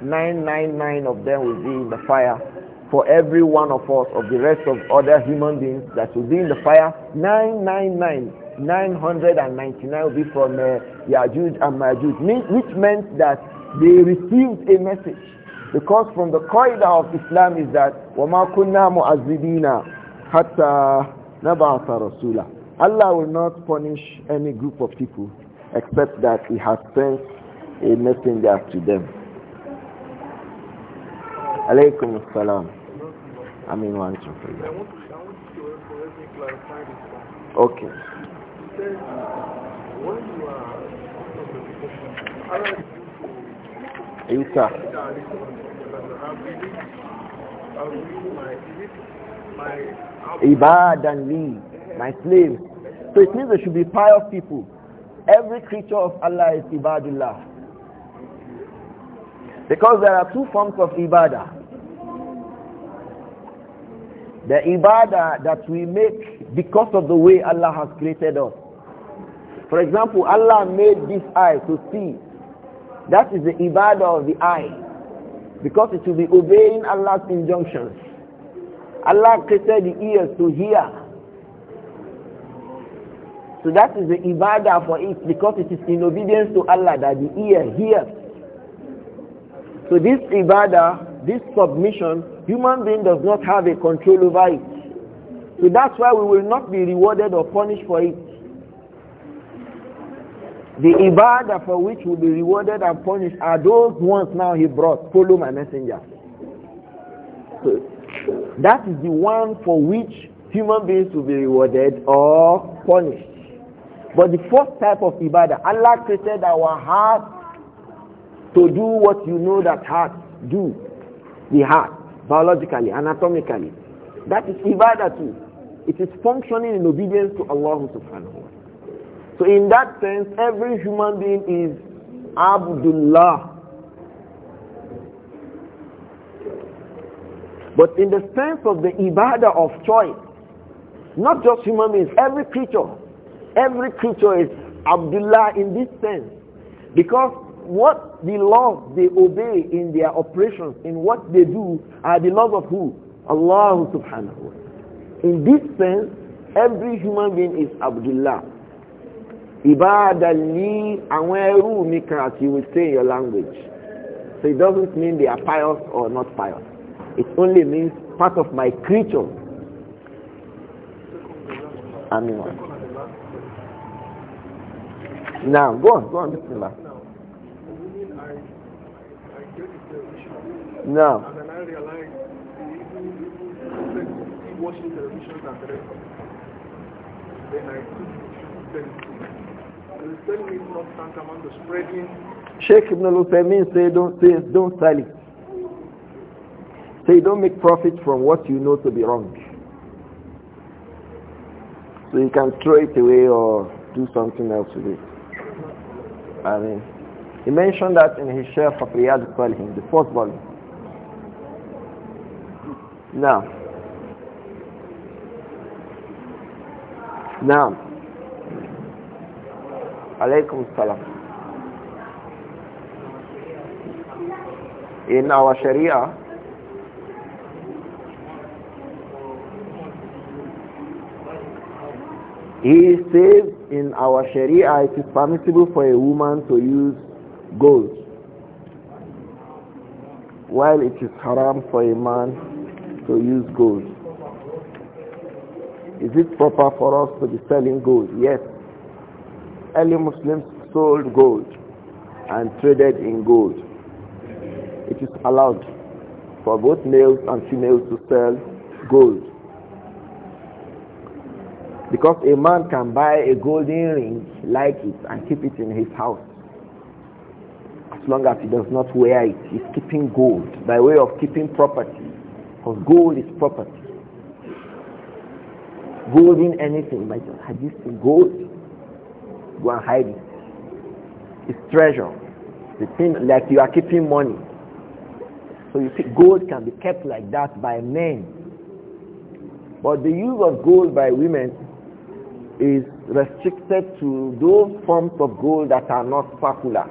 999 of them will be in the fire. For every one of us, of the rest of other human beings that will be in the fire, 999, 999 will be from uh, Yajud and Majud, which meant that they received a message. Because from the corridor of Islam is that, وَمَا كُنَّا مُعَذِّبِينَ حَتَّى نَبَعَثَ رَسُولًا Allah will not punish any group of people except that He has sent a messenger to them. Alaykum salam. I mean one to for you. Uh, okay. Isa. Ibad and me, my slaves. So it means there should be pile of people. Every creature of Allah is Ibadullah. Because there are two forms of ibadah. The ibadah that we make because of the way Allah has created us. For example, Allah made this eye to see. That is the ibadah of the eye. Because it will be obeying Allah's injunctions. Allah created the ears to hear. So that is the ibadah for it because it is in obedience to Allah that the ear hears. So this ibadah, this submission, human being does not have a control over it. So that's why we will not be rewarded or punished for it. The ibadah for which will be rewarded and punished are those ones now he brought. Follow my messenger. So that is the one for which human beings will be rewarded or punished. But the first type of ibadah, Allah created our heart to do what you know that heart do. The heart, biologically, anatomically. That is ibadah too. It is functioning in obedience to Allah subhanahu wa ta'ala. So in that sense, every human being is Abdullah. But in the sense of the ibadah of choice, not just human beings, every creature, every creature is Abdullah in this sense. Because what the laws they obey in their operations, in what they do, are the laws of who? Allah subhanahu wa ta'ala. In this sense, every human being is Abdullah. Ibadali aweru mika, as you will say in your language. So it doesn't mean they are pious or not pious. It only means part of my creature. Amen. Now, go on, go on, Bismillah. No. And then I realized the watching television and Then I took the tell me not tantamount to spreading. Sheikh Ibn al-Uthaymin say don't, say don't sell it. Say don't make profit from what you know to be wrong. So you can throw it away or do something else with it. I mean, he mentioned that in his share of Riyadh Salih, the fourth volume. نعم نعم Alaykum salam. in our sharia he says in our sharia it is permissible for a woman to use gold while it is haram for a man to use gold. Is it proper for us to be selling gold? Yes. Early Muslims sold gold and traded in gold. It is allowed for both males and females to sell gold. Because a man can buy a golden ring like it and keep it in his house. As long as he does not wear it, he's keeping gold by way of keeping property. Because gold is property. Gold in anything, but hadith in gold, go and hide it. It's treasure. The thing like you are keeping money. So you see, gold can be kept like that by men. But the use of gold by women is restricted to those forms of gold that are not popular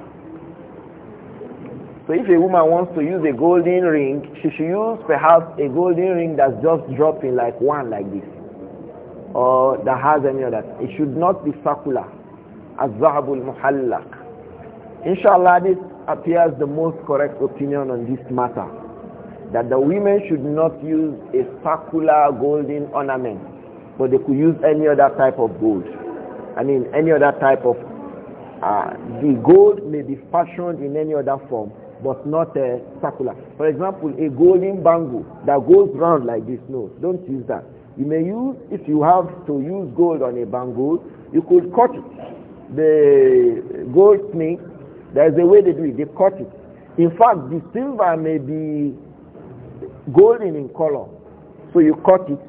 so if a woman wants to use a golden ring, she should use perhaps a golden ring that's just dropping like one like this. Or that has any other. It should not be circular. Azhabul muhallak. Inshallah, this appears the most correct opinion on this matter. That the women should not use a circular golden ornament, but they could use any other type of gold. I mean, any other type of... Uh, the gold may be fashioned in any other form, but not uh, circular. For example, a golden bangle that goes round like this. No, don't use that. You may use, if you have to use gold on a bangle, you could cut it. The snake. there is a way they do it. They cut it. In fact, the silver may be golden in color. So you cut it.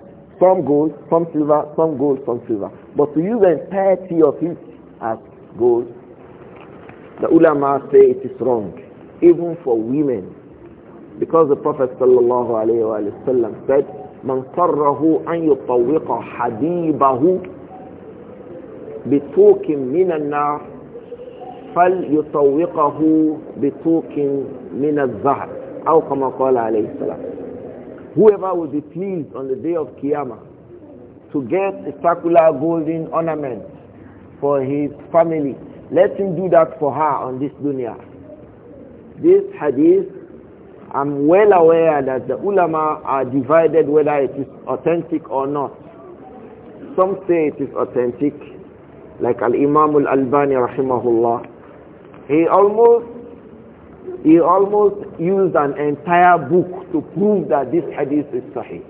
Some gold, some silver, some gold, some silver. But to use the entirety of it as gold, the ulama say it is wrong even for women. Because the Prophet ﷺ said, من قره أن يطوق حديبه بطوق من النار فليطوقه بطوق من الزهر أو كما قال عليه السلام Whoever will be pleased on the day of Qiyamah to get a circular golden ornament for his family, let him do that for her on this dunya this hadith, I'm well aware that the ulama are divided whether it is authentic or not. Some say it is authentic, like Al-Imam Al-Albani rahimahullah. He almost, he almost used an entire book to prove that this hadith is sahih.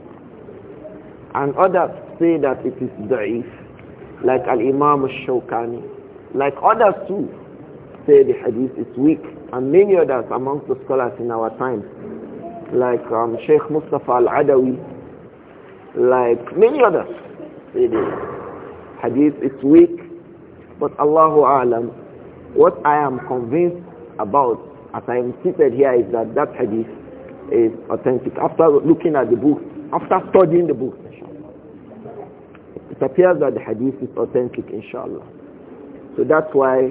And others say that it is da'if, like Al-Imam al Like others too say the hadith is weak and many others amongst the scholars in our time, like um, Sheikh Mustafa Al-Adawi, like many others. It is. Hadith is weak, but Allahu Alam, what I am convinced about as I am seated here is that that hadith is authentic. After looking at the book, after studying the book, it appears that the hadith is authentic, inshallah. So that's why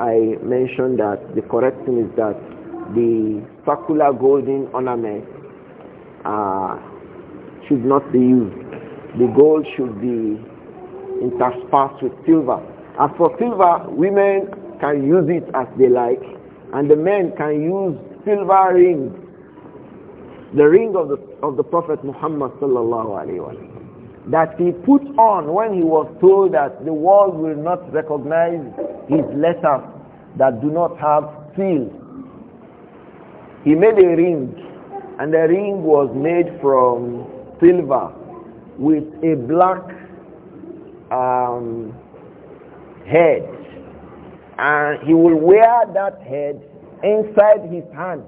I mentioned that the correct thing is that the circular golden ornament uh, should not be used. The gold should be interspersed with silver. As for silver, women can use it as they like, and the men can use silver rings. The ring of the, of the Prophet Muhammad sallallahu alaihi wasallam that he put on when he was told that the world will not recognize his letters that do not have seals. He made a ring, and the ring was made from silver with a black um, head. And he will wear that head inside his hand,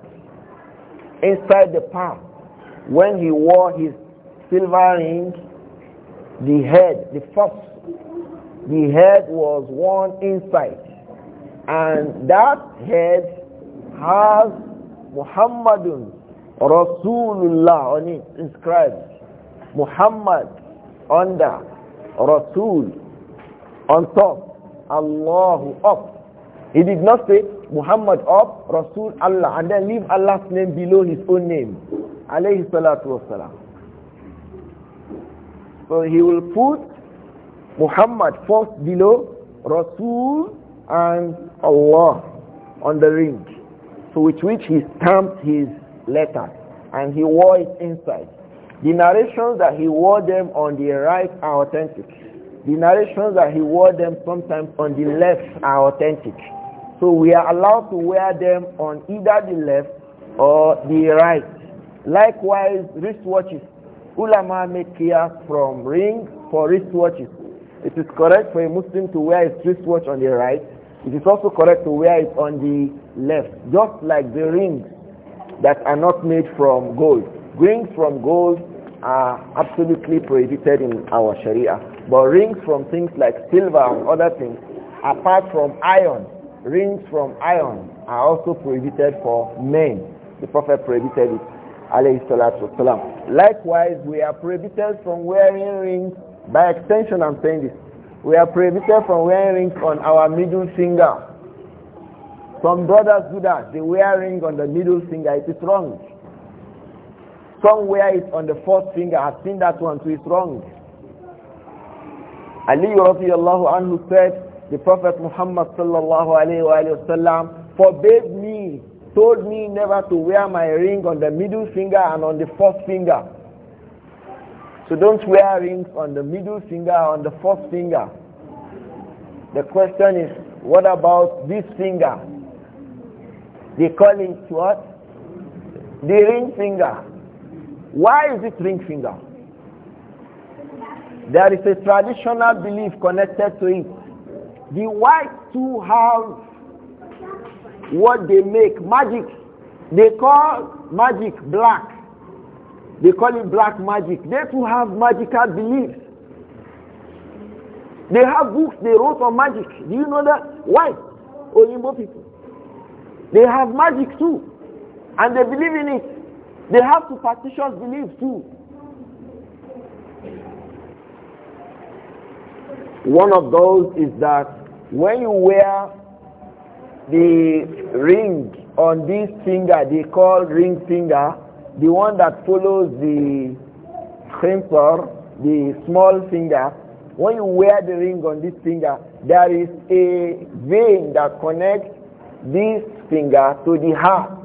inside the palm. When he wore his silver ring, the head, the first the head was one inside. And that head has Muhammadun Rasulullah on it inscribed. Muhammad under Rasul on top. Allahu up. He did not say Muhammad up, Rasul Allah, and then leave Allah's name below his own name. Alayhi salatu wasalam. So he will put Muhammad first below Rasul and Allah on the ring, so with which he stamped his letter, and he wore it inside. The narrations that he wore them on the right are authentic. The narrations that he wore them sometimes on the left are authentic. So we are allowed to wear them on either the left or the right. Likewise, wristwatches. Ulama make here from rings for wristwatches. It is correct for a Muslim to wear his wristwatch on the right. It is also correct to wear it on the left, just like the rings that are not made from gold. Rings from gold are absolutely prohibited in our Sharia. But rings from things like silver and other things, apart from iron, rings from iron are also prohibited for men. The Prophet prohibited it. Likewise, we are prohibited from wearing rings by extension, I'm saying this. We are prohibited from wearing rings on our middle finger. Some brothers do that. They wear ring on the middle finger. It is wrong. Some wear it on the fourth finger. I've seen that one too. It's wrong. Ali radiallahu anhu said, the Prophet Muhammad sallallahu alayhi wa sallam forbade me, told me never to wear my ring on the middle finger and on the fourth finger. So don't wear rings on the middle finger on the fourth finger. The question is, what about this finger? They call it what? The ring finger. Why is it ring finger? There is a traditional belief connected to it. The whites two have what they make, magic. They call magic black. They call it black magic. They too have magical beliefs. They have books they wrote on magic. Do you know that? Why? Oyinbo people. They have magic too. And they believe in it. They have superstitious beliefs too. One of those is that when you wear the ring on this finger, they call ring finger, the one that follows the khimsar, the small finger, when you wear the ring on this finger, there is a vein that connects this finger to the heart.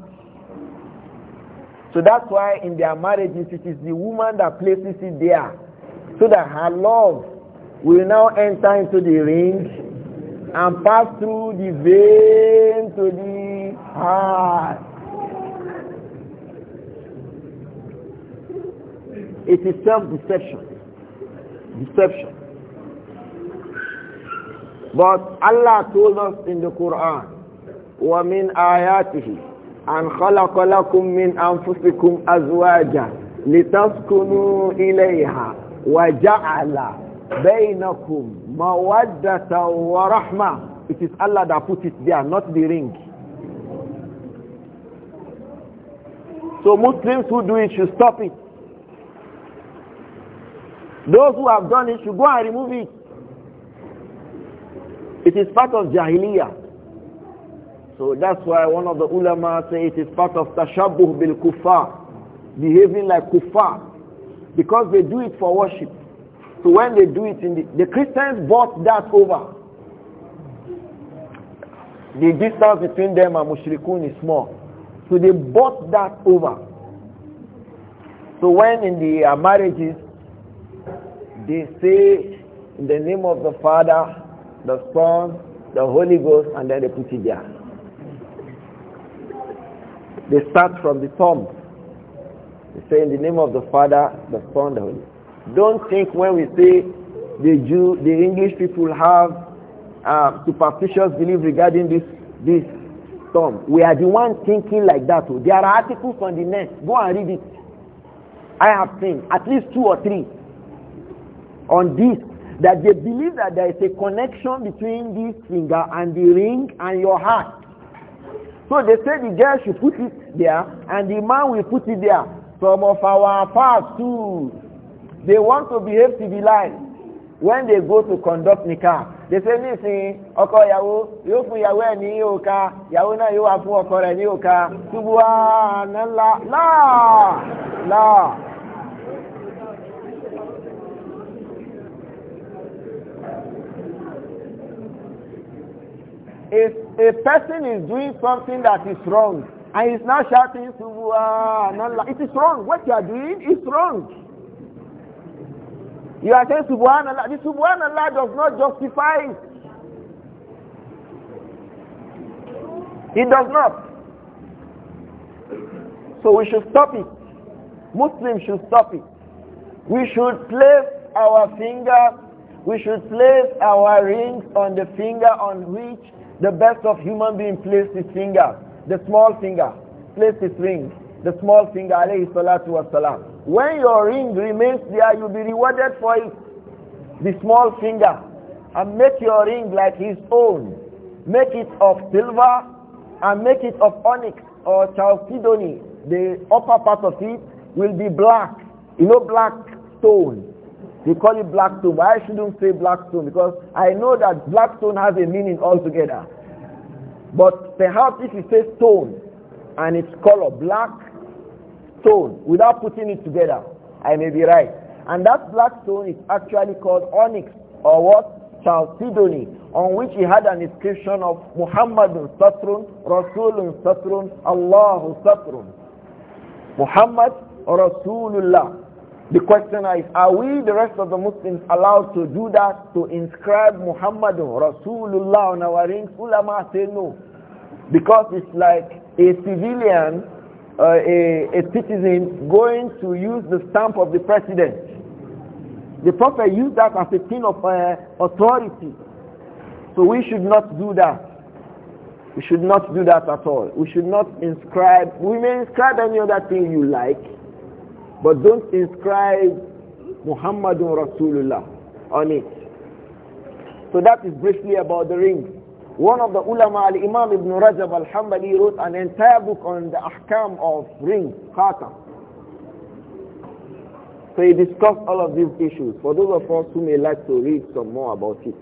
So that's why in their marriages, it is the woman that places it there, so that her love will now enter into the ring and pass through the vein to the heart. it is self deception deception but allah told us in the quran wa min ayatihi an khalaqa lakum min amfusikum azwaja litaskunu ilayha wa ja'ala bainakum mawaddata wa rahma it is allah that put it there not the ring so muslims who do it should stop it those who have done it should go and remove it. It is part of jahiliyyah. So that's why one of the ulama say it is part of tashabuh bil kuffar, behaving like kuffar, because they do it for worship. So when they do it in the, the Christians bought that over. The distance between them and mushrikun is small. So they bought that over. So when in the uh, marriages they say in the name of the Father, the Son, the Holy Ghost, and then they put it there. They start from the tomb. They say in the name of the Father, the Son, the Holy. Don't think when we say the Jew, the English people have uh, superstitious belief regarding this this thumb. We are the one thinking like that. Oh. There are articles on the net. Go and read it. I have seen at least two or three on this that they believe that there is a connection between this finger and the ring and your heart. So they say the girl should put it there and the man will put it there. Some of our parts too, they want to behave civilized when they go to conduct nikah. They say nísìnyí ọkọ ìyàwó yóò fún ìyàwó ẹ̀ ní òka ìyàwó náà yóò wá fún ọkọ ní òka ṣubú àná la. If a person is doing something that is wrong and is now shouting, Subhanallah, it is wrong. What you are doing is wrong. You are saying Subhanallah. The Subhanallah does not justify it. It does not. So we should stop it. Muslims should stop it. We should place our finger, we should place our rings on the finger on which the best of human being placed his finger, the small finger, placed his ring, the small finger, alayhi salatu wasalam. When your ring remains there, you'll be rewarded for it. The small finger. And make your ring like his own. Make it of silver and make it of onyx or chalcedony. The upper part of it will be black. You know black stone they call it black stone, but I shouldn't say black stone because I know that black stone has a meaning altogether. But perhaps if you say stone and its color black stone without putting it together, I may be right. And that black stone is actually called onyx or what? Chalcedony, on which he had an inscription of Muhammadun Satrun, Rasulun Satrun, Allahu Satrun. Muhammad Rasulullah. The question is, are we, the rest of the Muslims, allowed to do that, to inscribe Muhammad Rasulullah on our rings? Ulama say no. Because it's like a civilian, uh, a, a citizen, going to use the stamp of the president. The Prophet used that as a thing of uh, authority. So we should not do that. We should not do that at all. We should not inscribe, we may inscribe any other thing you like, but don't inscribe Muhammadun Rasulullah on it. So that is briefly about the ring. One of the ulama, al-Imam Ibn Rajab al-Hambali wrote an entire book on the ahkam of ring, khatam. So he discussed all of these issues. For those of us who may like to read some more about it,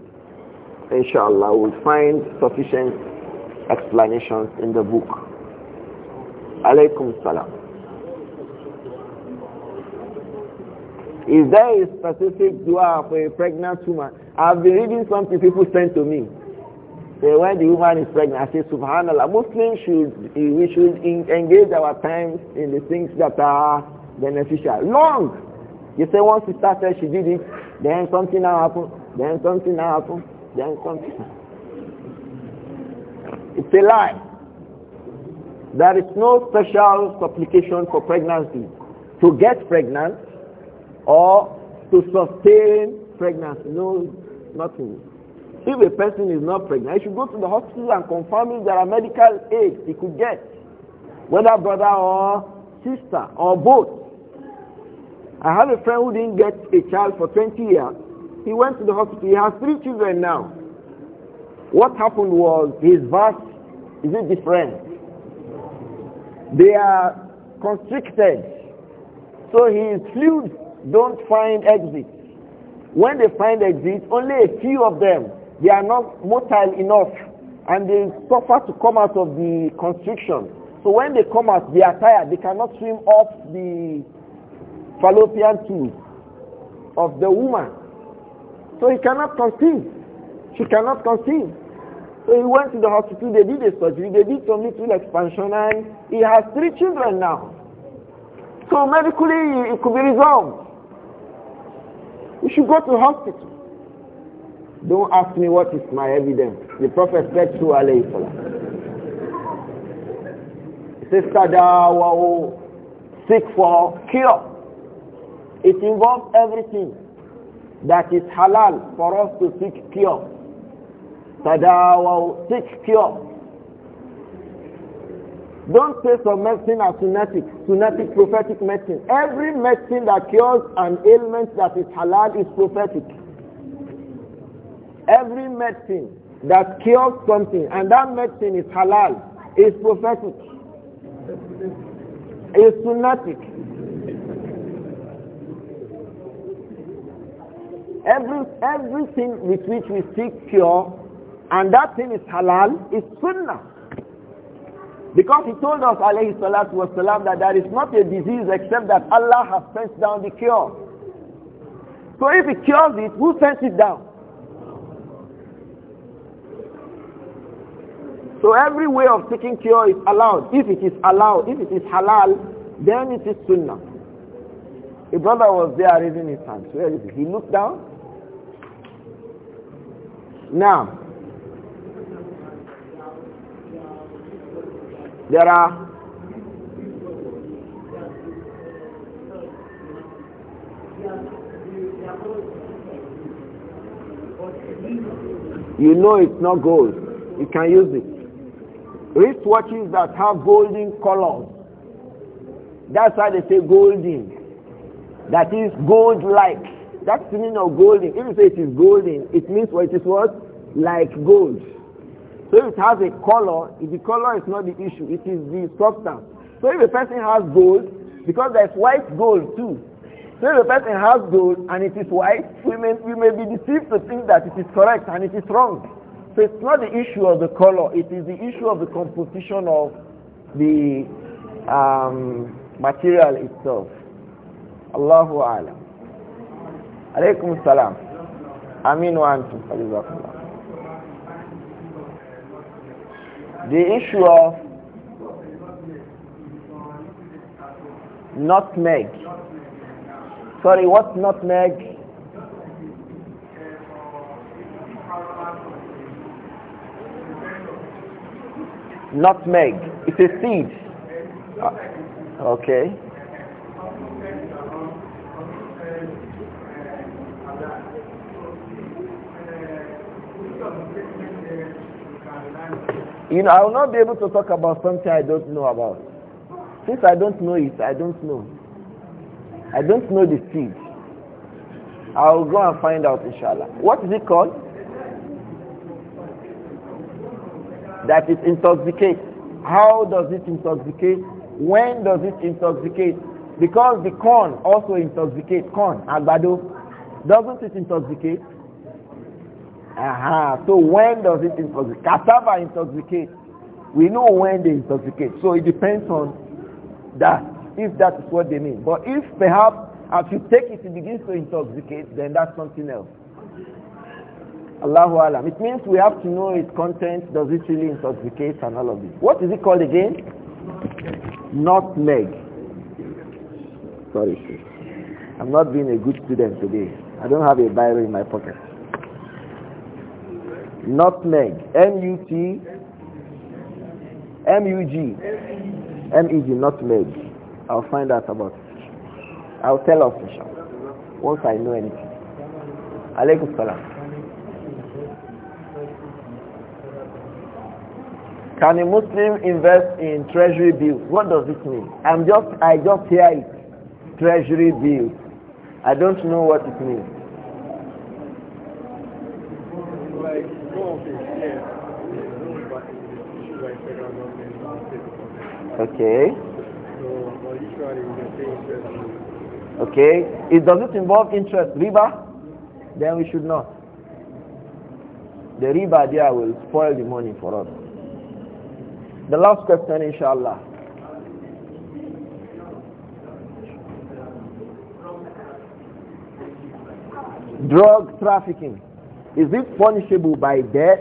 inshallah, we'll find sufficient explanations in the book. Alaykum salam. Is there a specific dua for a pregnant woman? I've been reading something people sent to me. Say when the woman is pregnant, I say Subhanallah. Muslims should we should engage our time in the things that are beneficial. Long. You say once it started, she did it. Then something now happened. Then something now happened. Then something. It's a lie. There is no special supplication for pregnancy. To get pregnant, or to sustain pregnancy. No, nothing. If a person is not pregnant, he should go to the hospital and confirm if there are medical aids he could get, whether brother or sister or both. I had a friend who didn't get a child for 20 years. He went to the hospital. He has three children now. What happened was his vas is it different? They are constricted. So his fluid don't find exit. When they find exit, only a few of them, they are not motile enough and they suffer to come out of the constriction. So when they come out, they are tired. They cannot swim off the fallopian tube of the woman. So he cannot conceive. She cannot conceive. So he went to the hospital, they did a surgery, they did some little expansion, and he has three children now. So medically, it could be resolved. You should go to hospital. Don't ask me what is my evidence. The Prophet said to alayhi salam. Sister Dawahu, oh, seek for cure. It involves everything that is halal for us to seek cure. Tadawahu, oh, seek cure. Don't say some medicine as sunnatic, sunnatic prophetic medicine. Every medicine that cures an ailment that is halal is prophetic. Every medicine that cures something and that medicine is halal is prophetic. Is sunnatic. Every, everything with which we seek cure and that thing is halal is sunnah. Because he told us, alayhi salatu wasalam, that there is not a disease except that Allah has sent down the cure. So if he cures it, who sends it down? So every way of seeking cure is allowed. If it is allowed, if it is halal, then it is sunnah. A brother was there raising his hands. Where is he? He looked down. Now, There are You know it's not gold. You can use it. Wristwatches that have golden colors. That's why they say golden. That is gold-like. That's the meaning of golden. If you say it is golden, it means what it is what? Like gold. So if it has a color, if the color is not the issue, it is the substance. So if a person has gold, because there's white gold too. So if a person has gold and it is white, we may, we may be deceived to think that it is correct and it is wrong. So it's not the issue of the color, it is the issue of the composition of the um, material itself. Allahu Alam. Alaykum salam. Amin wa antum. the issue of nutmeg. Sorry, what nutmeg? Nutmeg. It's a seed. Ah, okay. You know, I will not be able to talk about something I don't know about. Since I don't know it, I don't know. I don't know the seed. I will go and find out, inshallah. What is it called? That it intoxicates. How does it intoxicate? When does it intoxicate? Because the corn also intoxicates. Corn, agbado, doesn't it intoxicate? Aha. So when does it intoxicate? Cassava intoxicates. We know when they intoxicate. So it depends on that, if that is what they mean. But if perhaps as you take it, it begins to intoxicate, then that's something else. Allahu Alam. It means we have to know its content. Does it really intoxicate and all of this? What is it called again? Not Sorry. I'm not being a good student today. I don't have a Bible in my pocket nutmeg m-u-t m-u-g m-e-g nutmeg i'll find out about it i'll tell official once i know anything alaykum salam can a muslim invest in treasury bills what does it mean i'm just i just hear it treasury bills i don't know what it means Okay. Okay. It does it involve interest riba? Then we should not. The riba there will spoil the money for us. The last question, inshallah. Drug trafficking. Is it punishable by death?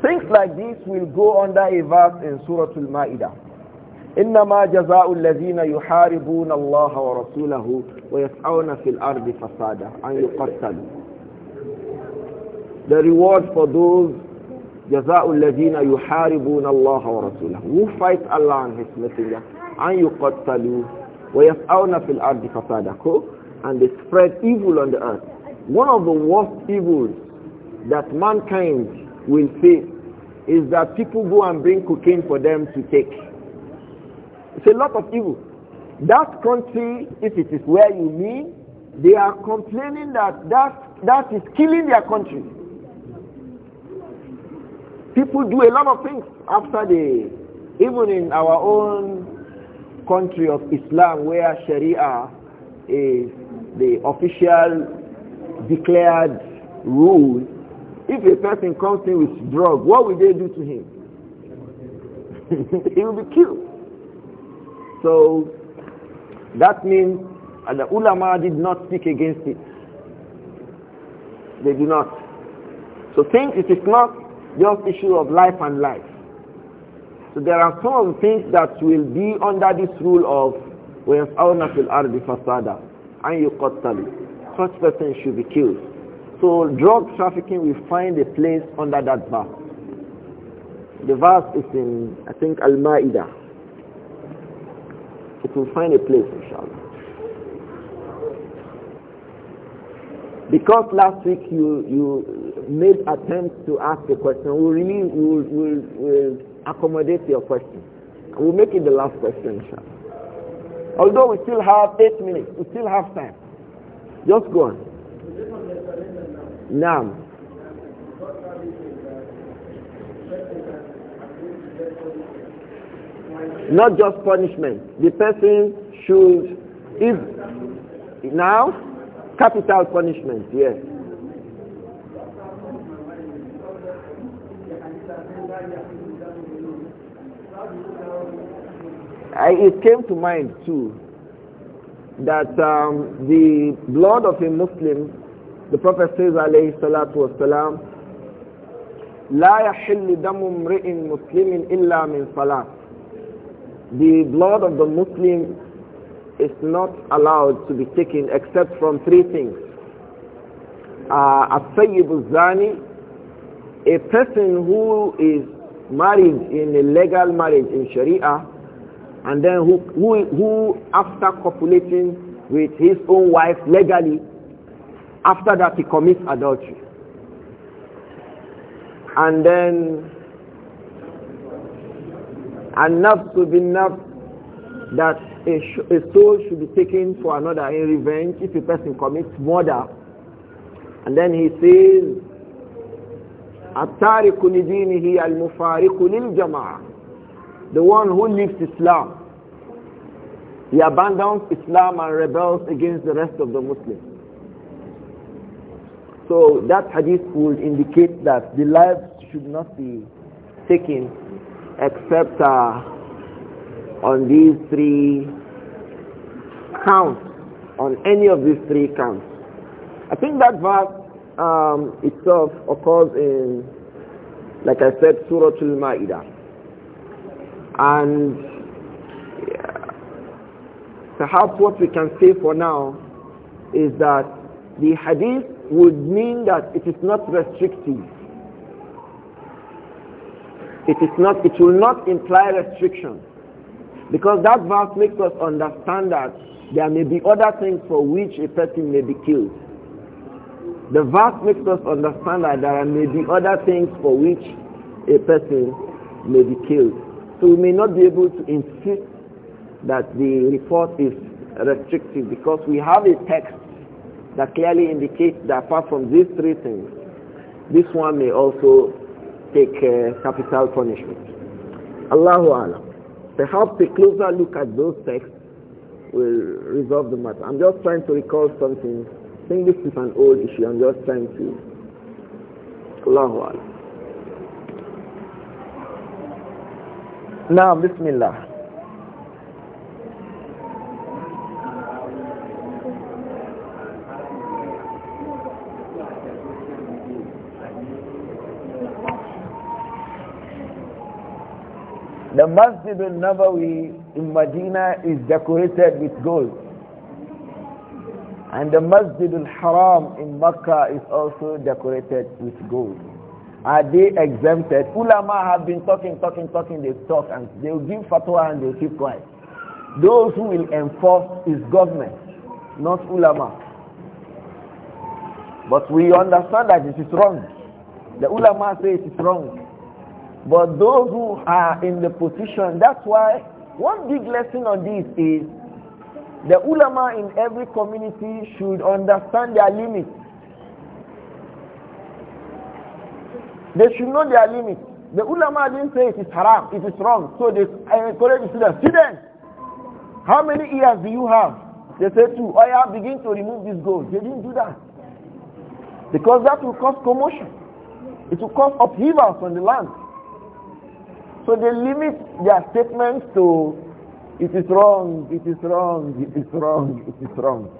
Things like this will go under a verse in Surah Al-Ma'idah. إنما جزاء الذين يحاربون الله ورسوله ويسعون في الأرض فسادا أن يقتلوا The reward for those جزاء الذين يحاربون الله ورسوله who fight Allah and His Messenger أن يقتلوا وَيَسْعَوْنَ فِي الْأَرْضِ فَسَادَكُ And they spread evil on the earth. One of the worst evils that mankind will face is that people go and bring cocaine for them to take. It's a lot of evil. That country, if it is where you mean, they are complaining that that, that is killing their country. People do a lot of things after they, even in our own country of Islam where Sharia is the official declared rule, if a person comes in with drug, what will they do to him? (laughs) he will be killed. So that means the ulama did not speak against it. They do not. So think it is not just issue of life and life. So there are some things that will be under this rule of وَيَسْعَوْنَ فِي الْأَرْضِ فَسَادًا أَنْ يُقَتَّلُ Such person should be killed. So drug trafficking will find a place under that verse. The verse is in, I think, Al-Ma'idah. It will find a place, inshallah. Because last week you, you made attempts to ask a question, we will we'll, we'll accommodate your question. We'll make it the last question, inshallah. Although we still have eight minutes, we still have time. Just go on. Now. Not just punishment. The person should, if now, capital punishment, yes. Yeah. I, it came to mind too that um, the blood of a Muslim, the Prophet says alayhi salatu wasalam, لا يحل دم امرئ مسلم إلا من صلاة. The blood of the Muslim is not allowed to be taken except from three things. Uh, السيب a person who is married in a legal marriage in Sharia, and then who, who, who after copulating with his own wife legally, after that he commits adultery. And then enough to be enough that a, a soul should be taken for another in revenge if a person commits murder. And then he says, al لدينه المفارق للجماعه the one who leaves Islam. He abandons Islam and rebels against the rest of the Muslims. So that hadith would indicate that the lives should not be taken except uh, on these three counts, on any of these three counts. I think that verse um, itself occurs in, like I said, Surah Al-Ma'idah. And perhaps what we can say for now is that the hadith would mean that it is not restrictive. It is not, it will not imply restriction. Because that verse makes us understand that there may be other things for which a person may be killed. The verse makes us understand that there may be other things for which a person may be killed. So we may not be able to insist that the report is restrictive because we have a text that clearly indicates that apart from these three things, this one may also take uh, capital punishment. Allahu Alam. Perhaps a closer look at those texts will resolve the matter. I'm just trying to recall something. I think this is an old issue. I'm just trying to... Allahu Alam. Now, Bismillah. The Masjid al-Nabawi in Medina is decorated with gold. And the Masjid al-Haram in Mecca is also decorated with gold. Are they exempted? Ulama have been talking, talking, talking, they talk and they'll give fatwa and they'll keep quiet. Those who will enforce is government, not ulama. But we understand that it is wrong. The ulama say it is wrong. But those who are in the position, that's why one big lesson on this is the ulama in every community should understand their limits. They should know their limit. The ulama didn't say it is haram, it is wrong. So they I encourage the students, students, how many ears do you have? They said two. Oh yeah, begin to remove this gold. They didn't do that. Because that will cause commotion. It will cause upheavals on the land. So they limit their statements to it is wrong, it is wrong, it is wrong, it is wrong.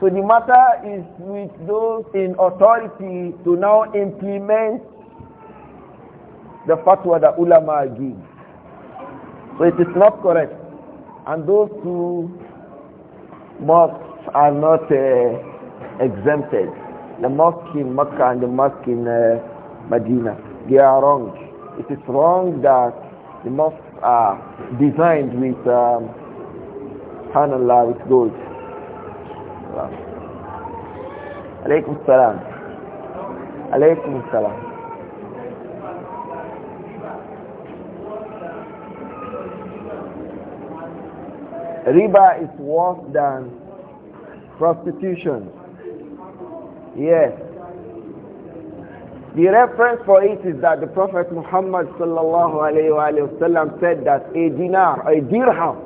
So the matter is with those in authority to now implement the fatwa that ulama give. So it is not correct. And those two mosques are not uh, exempted. The mosque in Mecca and the mosque in uh, Medina, they are wrong. It is wrong that the mosques are designed with, um, subhanallah, with gold. Alaykum salam. Alaykum salam. Riba is worse than prostitution. Yes. The reference for it is that the Prophet Muhammad sallallahu alayhi wasallam said that a dinar, a dirham,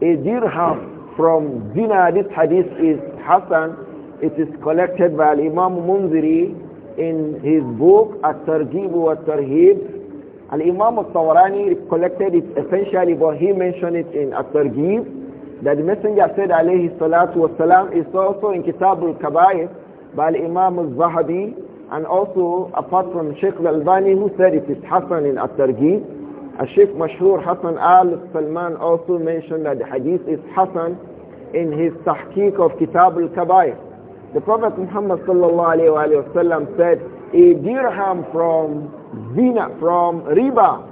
a dirham from dinar, this hadith is Hasan. it is collected by Imam Munziri in his book At-Tarjib wa tarheeb and Imam al-Tawarani collected it essentially, but he mentioned it in At-Targhib, that the Messenger said, alayhi salatu wasalam, is also in Kitab al-Kabair by al Imam al-Zahabi, and also apart from Sheikh al-Albani, who said it is Hassan in At-Targhib, Sheikh Mashhur Hassan al-Salman also mentioned that the hadith is Hassan in his tahqiq of Kitab al-Kabair. The Prophet Muhammad sallallahu alayhi wa sallam said, a dirham from zina, from riba,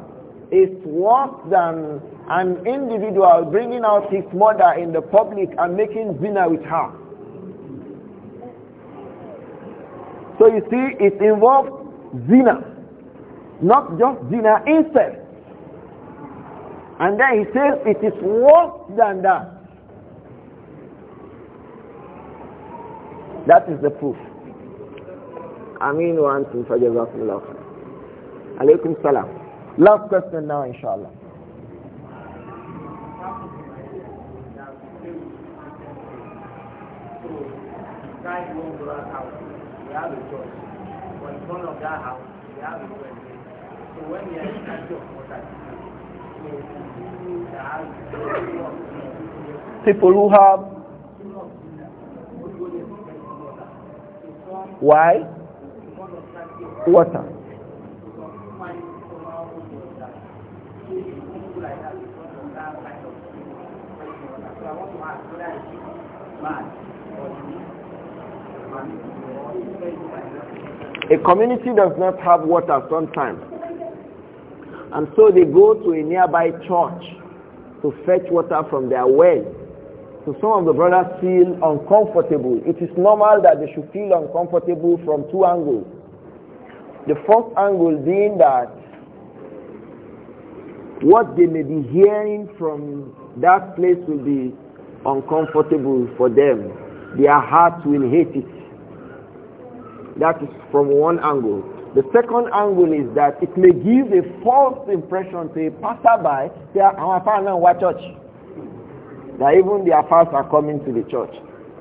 is worse than an individual bringing out his mother in the public and making zina with her. So you see, it involves zina, not just zina, incest. And then he says it is worse than that. That is the proof. I mean, one, two, three, four, five. Alaykum salam. Last question now, inshallah. Guys have in front of that house, we have a So when we water, people who have why water a community does not have water sometimes. And so they go to a nearby church to fetch water from their well. So some of the brothers feel uncomfortable. It is normal that they should feel uncomfortable from two angles. The first angle being that what they may be hearing from that place will be uncomfortable for them. Their hearts will hate it. That is from one angle. The second angle is that it may give a false impression to a passerby that our father what church. That even their fathers are coming to the church.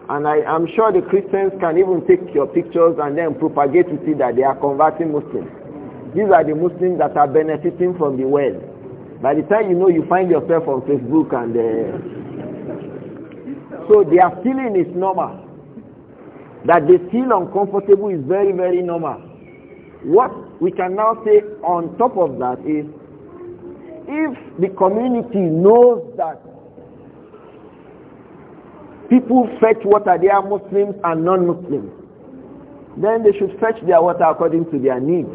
And I am sure the Christians can even take your pictures and then propagate to see that they are converting Muslims. These are the Muslims that are benefiting from the well. By the time you know, you find yourself on Facebook and... Uh, so their feeling is normal. That they feel uncomfortable is very, very normal. What we can now say on top of that is, if the community knows that people fetch water, they are Muslims and non-Muslims, then they should fetch their water according to their need.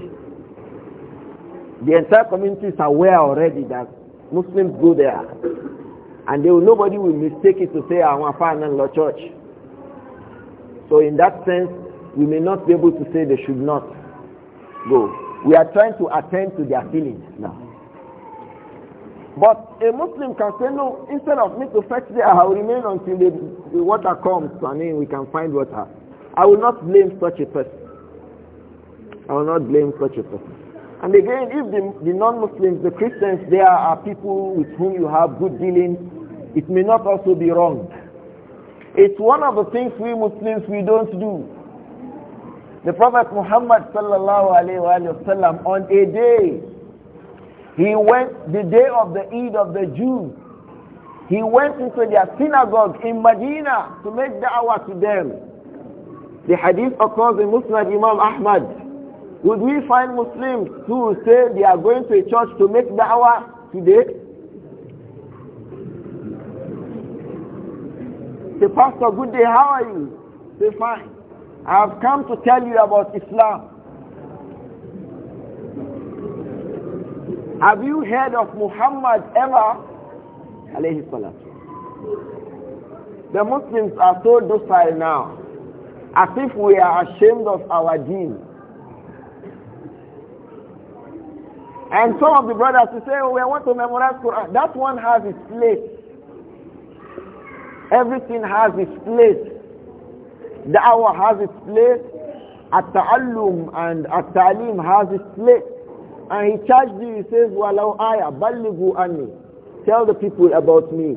The entire community is aware already that Muslims go there. And will, nobody will mistake it to say, I want to law church. So in that sense, we may not be able to say they should not go. We are trying to attend to their feelings now. But a Muslim can say, no, instead of me to fetch there, I will remain until the, the water comes I and mean, then we can find water. I will not blame such a person. I will not blame such a person. And again, if the, the non-Muslims, the Christians there are people with whom you have good dealings, it may not also be wrong. It's one of the things we Muslims, we don't do. The Prophet Muhammad sallallahu alayhi wasallam on a day, he went, the day of the Eid of the Jews, he went into their synagogue in Medina to make da'wah to them. The hadith occurs in Muslim Imam Ahmad would we find Muslims who say they are going to a church to make da'wah today? Say, Pastor, good day, how are you? Say, fine. I have come to tell you about Islam. Have you heard of Muhammad ever? Alayhi The Muslims are so docile now, as if we are ashamed of our deen. And some of the brothers will say, oh, I want to memorize Quran. That one has its place. Everything has its place. The hour has its place. At-ta'allum and at-ta'lim has its place. And he charged you, he says, walau ayah, ballighu anni. Tell the people about me,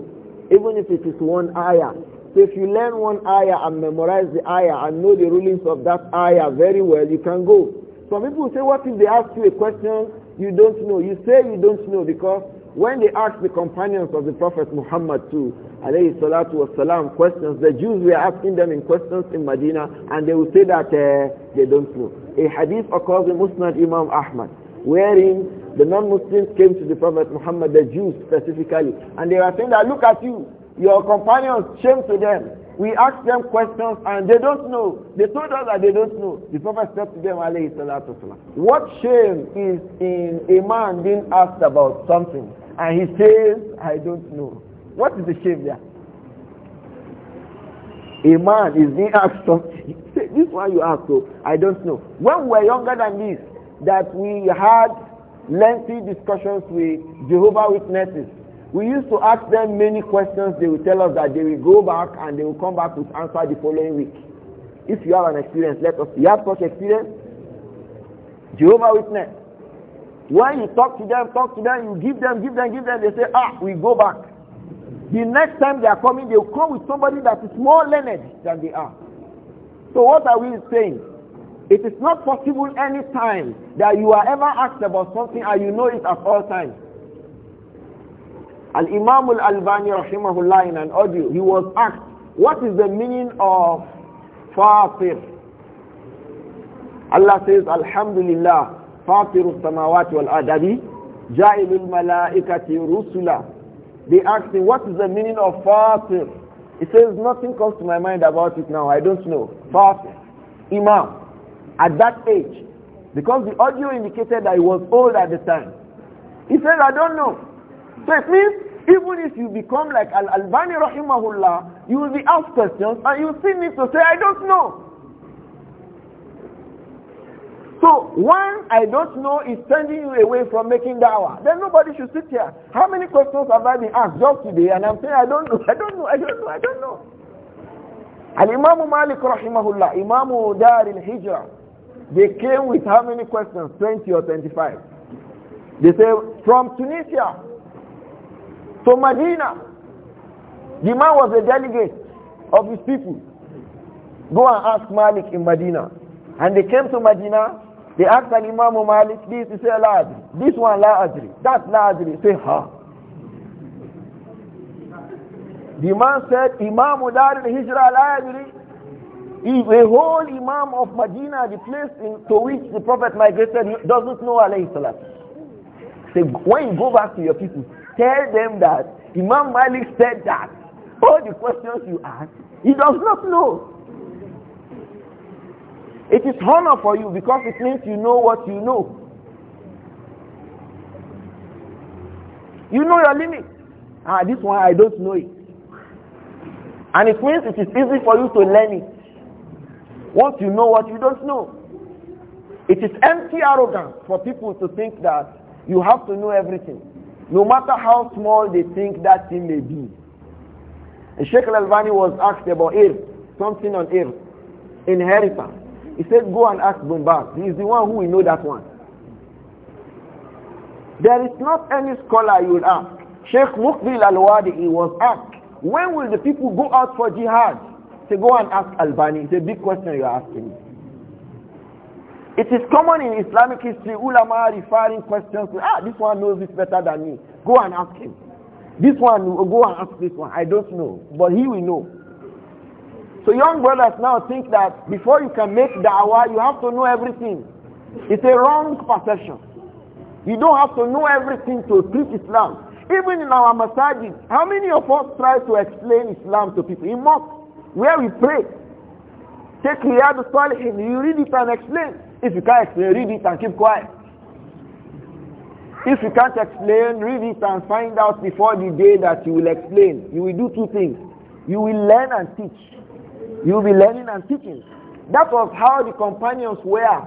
even if it is one ayah. So if you learn one ayah and memorize the ayah and know the rulings of that ayah very well, you can go. Some people say, what if they ask you a question you don't know. You say you don't know because when they asked the companions of the Prophet Muhammad too, alayhi salatu wasalam, questions, the Jews were asking them in questions in Medina and they would say that uh, they don't know. A hadith occurs in Musnad Imam Ahmad wherein the non-Muslims came to the Prophet Muhammad, the Jews specifically, and they were saying that look at you, your companions, shame to them. We ask them questions and they don't know. They told us that they don't know. The Prophet said to them, what shame is in a man being asked about something and he says, I don't know. What is the shame there? A man is being asked something. this one you ask, so oh, I don't know. When we were younger than this, that we had lengthy discussions with Jehovah Witnesses we used to ask them many questions. They will tell us that they will go back and they will come back with answer the following week. If you have an experience, let us. You have such experience? Jehovah Witness. When you talk to them, talk to them, you give them, give them, give them, they say, ah, we go back. The next time they are coming, they will come with somebody that is more learned than they are. So what are we saying? It is not possible any time that you are ever asked about something and you know it at all times. Al-Imam al-Albani rahimahullah in an audio, he was asked, what is the meaning of fatir? Allah says, Alhamdulillah, fatir samawati wal adabi, ja'ilul malaikati rusula. They asked him, what is the meaning of fatir? He says, nothing comes to my mind about it now. I don't know. Fatir, Imam, at that age, because the audio indicated that he was old at the time. He said, I don't know. That it means even if you become like Al-Albani rahimahullah, you will be asked questions and you still need to say, I don't know. So one I don't know is sending you away from making da'wah. Then nobody should sit here. How many questions have I been asked just today and I'm saying, I don't know, I don't know, I don't know, I don't know. Al-Imam Malik rahimahullah, Imam Dar al-Hijrah, they came with how many questions? 20 or 25. They say, from Tunisia, to Medina. The man was a delegate of his people. Go and ask Malik in Medina. And they came to Medina. They asked an Imam Malik, this is a la This one la That la adri. Say ha. The man said, Imam Udar al-Hijra la If A whole Imam of Medina, the place in, to which the Prophet migrated, doesn't know alayhi salat. Say, when you go back to your people, Tell them that Imam Malik said that. All the questions you ask, he does not know. It is honor for you because it means you know what you know. You know your limit. Ah, this one I don't know it. And it means it is easy for you to learn it. Once you know what you don't know. It is empty arrogance for people to think that you have to know everything. No matter how small they think that thing may be. And Sheikh Al-Albani was asked about earth, something on earth, inheritance. He said, go and ask Bombard. He is the one who will know that one. There is not any scholar you will ask. Sheikh Mukbil Al-Wadi was asked, when will the people go out for jihad? He said, go and ask Albani. It's a big question you're asking me. It is common in Islamic history, ulama referring questions to, ah, this one knows this better than me. Go and ask him. This one, go and ask this one. I don't know, but he will know. So young brothers now think that before you can make da'wah, you have to know everything. It's a wrong perception. You don't have to know everything to preach Islam. Even in our masajid, how many of us try to explain Islam to people? In mosque, where we pray, take Riyadh Salihin, you read it and explain. If you can't explain, read it and keep quiet. If you can't explain, read it and find out before the day that you will explain. You will do two things. You will learn and teach. You will be learning and teaching. That was how the companions were.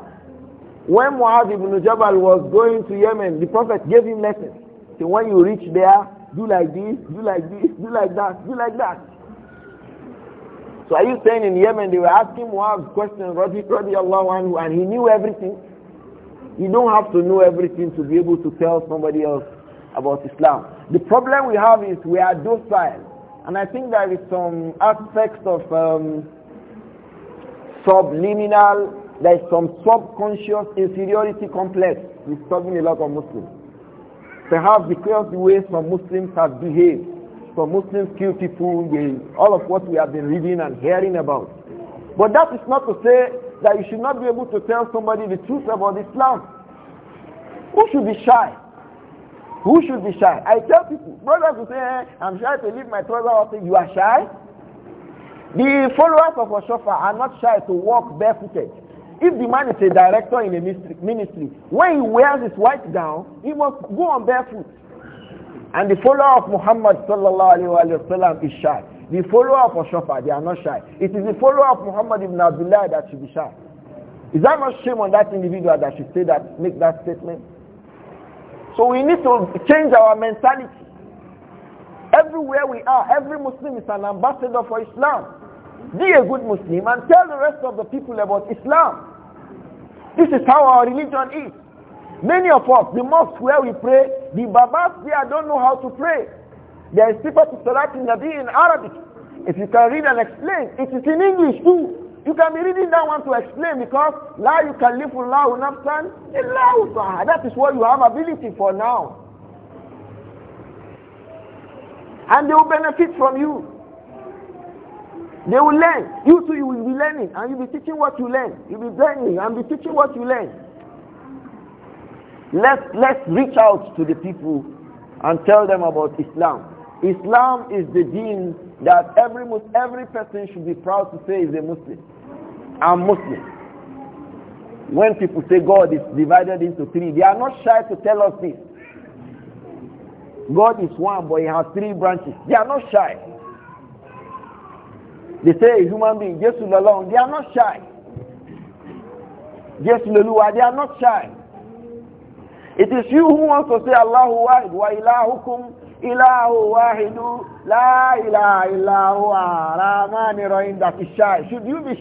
When Muad ibn Jabal was going to Yemen, the Prophet gave him lessons. So when you reach there, do like this, do like this, do like that, do like that. So are you saying in Yemen they were asking Muaz questions, Radi, Radi Allah anhu, and he knew everything? You don't have to know everything to be able to tell somebody else about Islam. The problem we have is we are docile. And I think there is some aspects of um, subliminal, there is some subconscious inferiority complex disturbing a lot of Muslims. Perhaps because the way some Muslims have behaved for Muslims kill people with all of what we have been reading and hearing about. But that is not to say that you should not be able to tell somebody the truth about Islam. Who should be shy? Who should be shy? I tell people, brothers who say, hey, eh, I'm shy to leave my trouser off, you are shy? The followers of Oshofa are not shy to walk barefooted. If the man is a director in a ministry, when he wears his white gown, he must go on barefoot. And the follower of Muhammad sallallahu alayhi wa is shy. The follower of Ashafa, they are not shy. It is the follower of Muhammad ibn Abdullah that should be shy. Is that not shame on that individual that should say that, make that statement? So we need to change our mentality. Everywhere we are, every Muslim is an ambassador for Islam. Be a good Muslim and tell the rest of the people about Islam. This is how our religion is. Many of us, the mosque where we pray, the Babas there don't know how to pray. There is people to Salat Nabi in Arabic. If you can read and explain, it is in English too. You can be reading that one to explain because la you can live for Allah nafsan illa That is what you have ability for now. And they will benefit from you. They will learn. You too, you will be learning. And you'll be teaching what you learn. You'll be learning and be teaching what you learn. Let's, let's reach out to the people and tell them about Islam. Islam is the deen that every, every person should be proud to say is a Muslim. I'm Muslim. When people say God is divided into three, they are not shy to tell us this. God is one, but he has three branches. They are not shy. They say a human being, Jesus alone. They are not shy. Jesus Lelua, they are not shy. It is you who wants to say Allahu wahid wa ilahukum ilahu wahidu la ilaha illa huwa rahmanir rahim that is shy. Should you be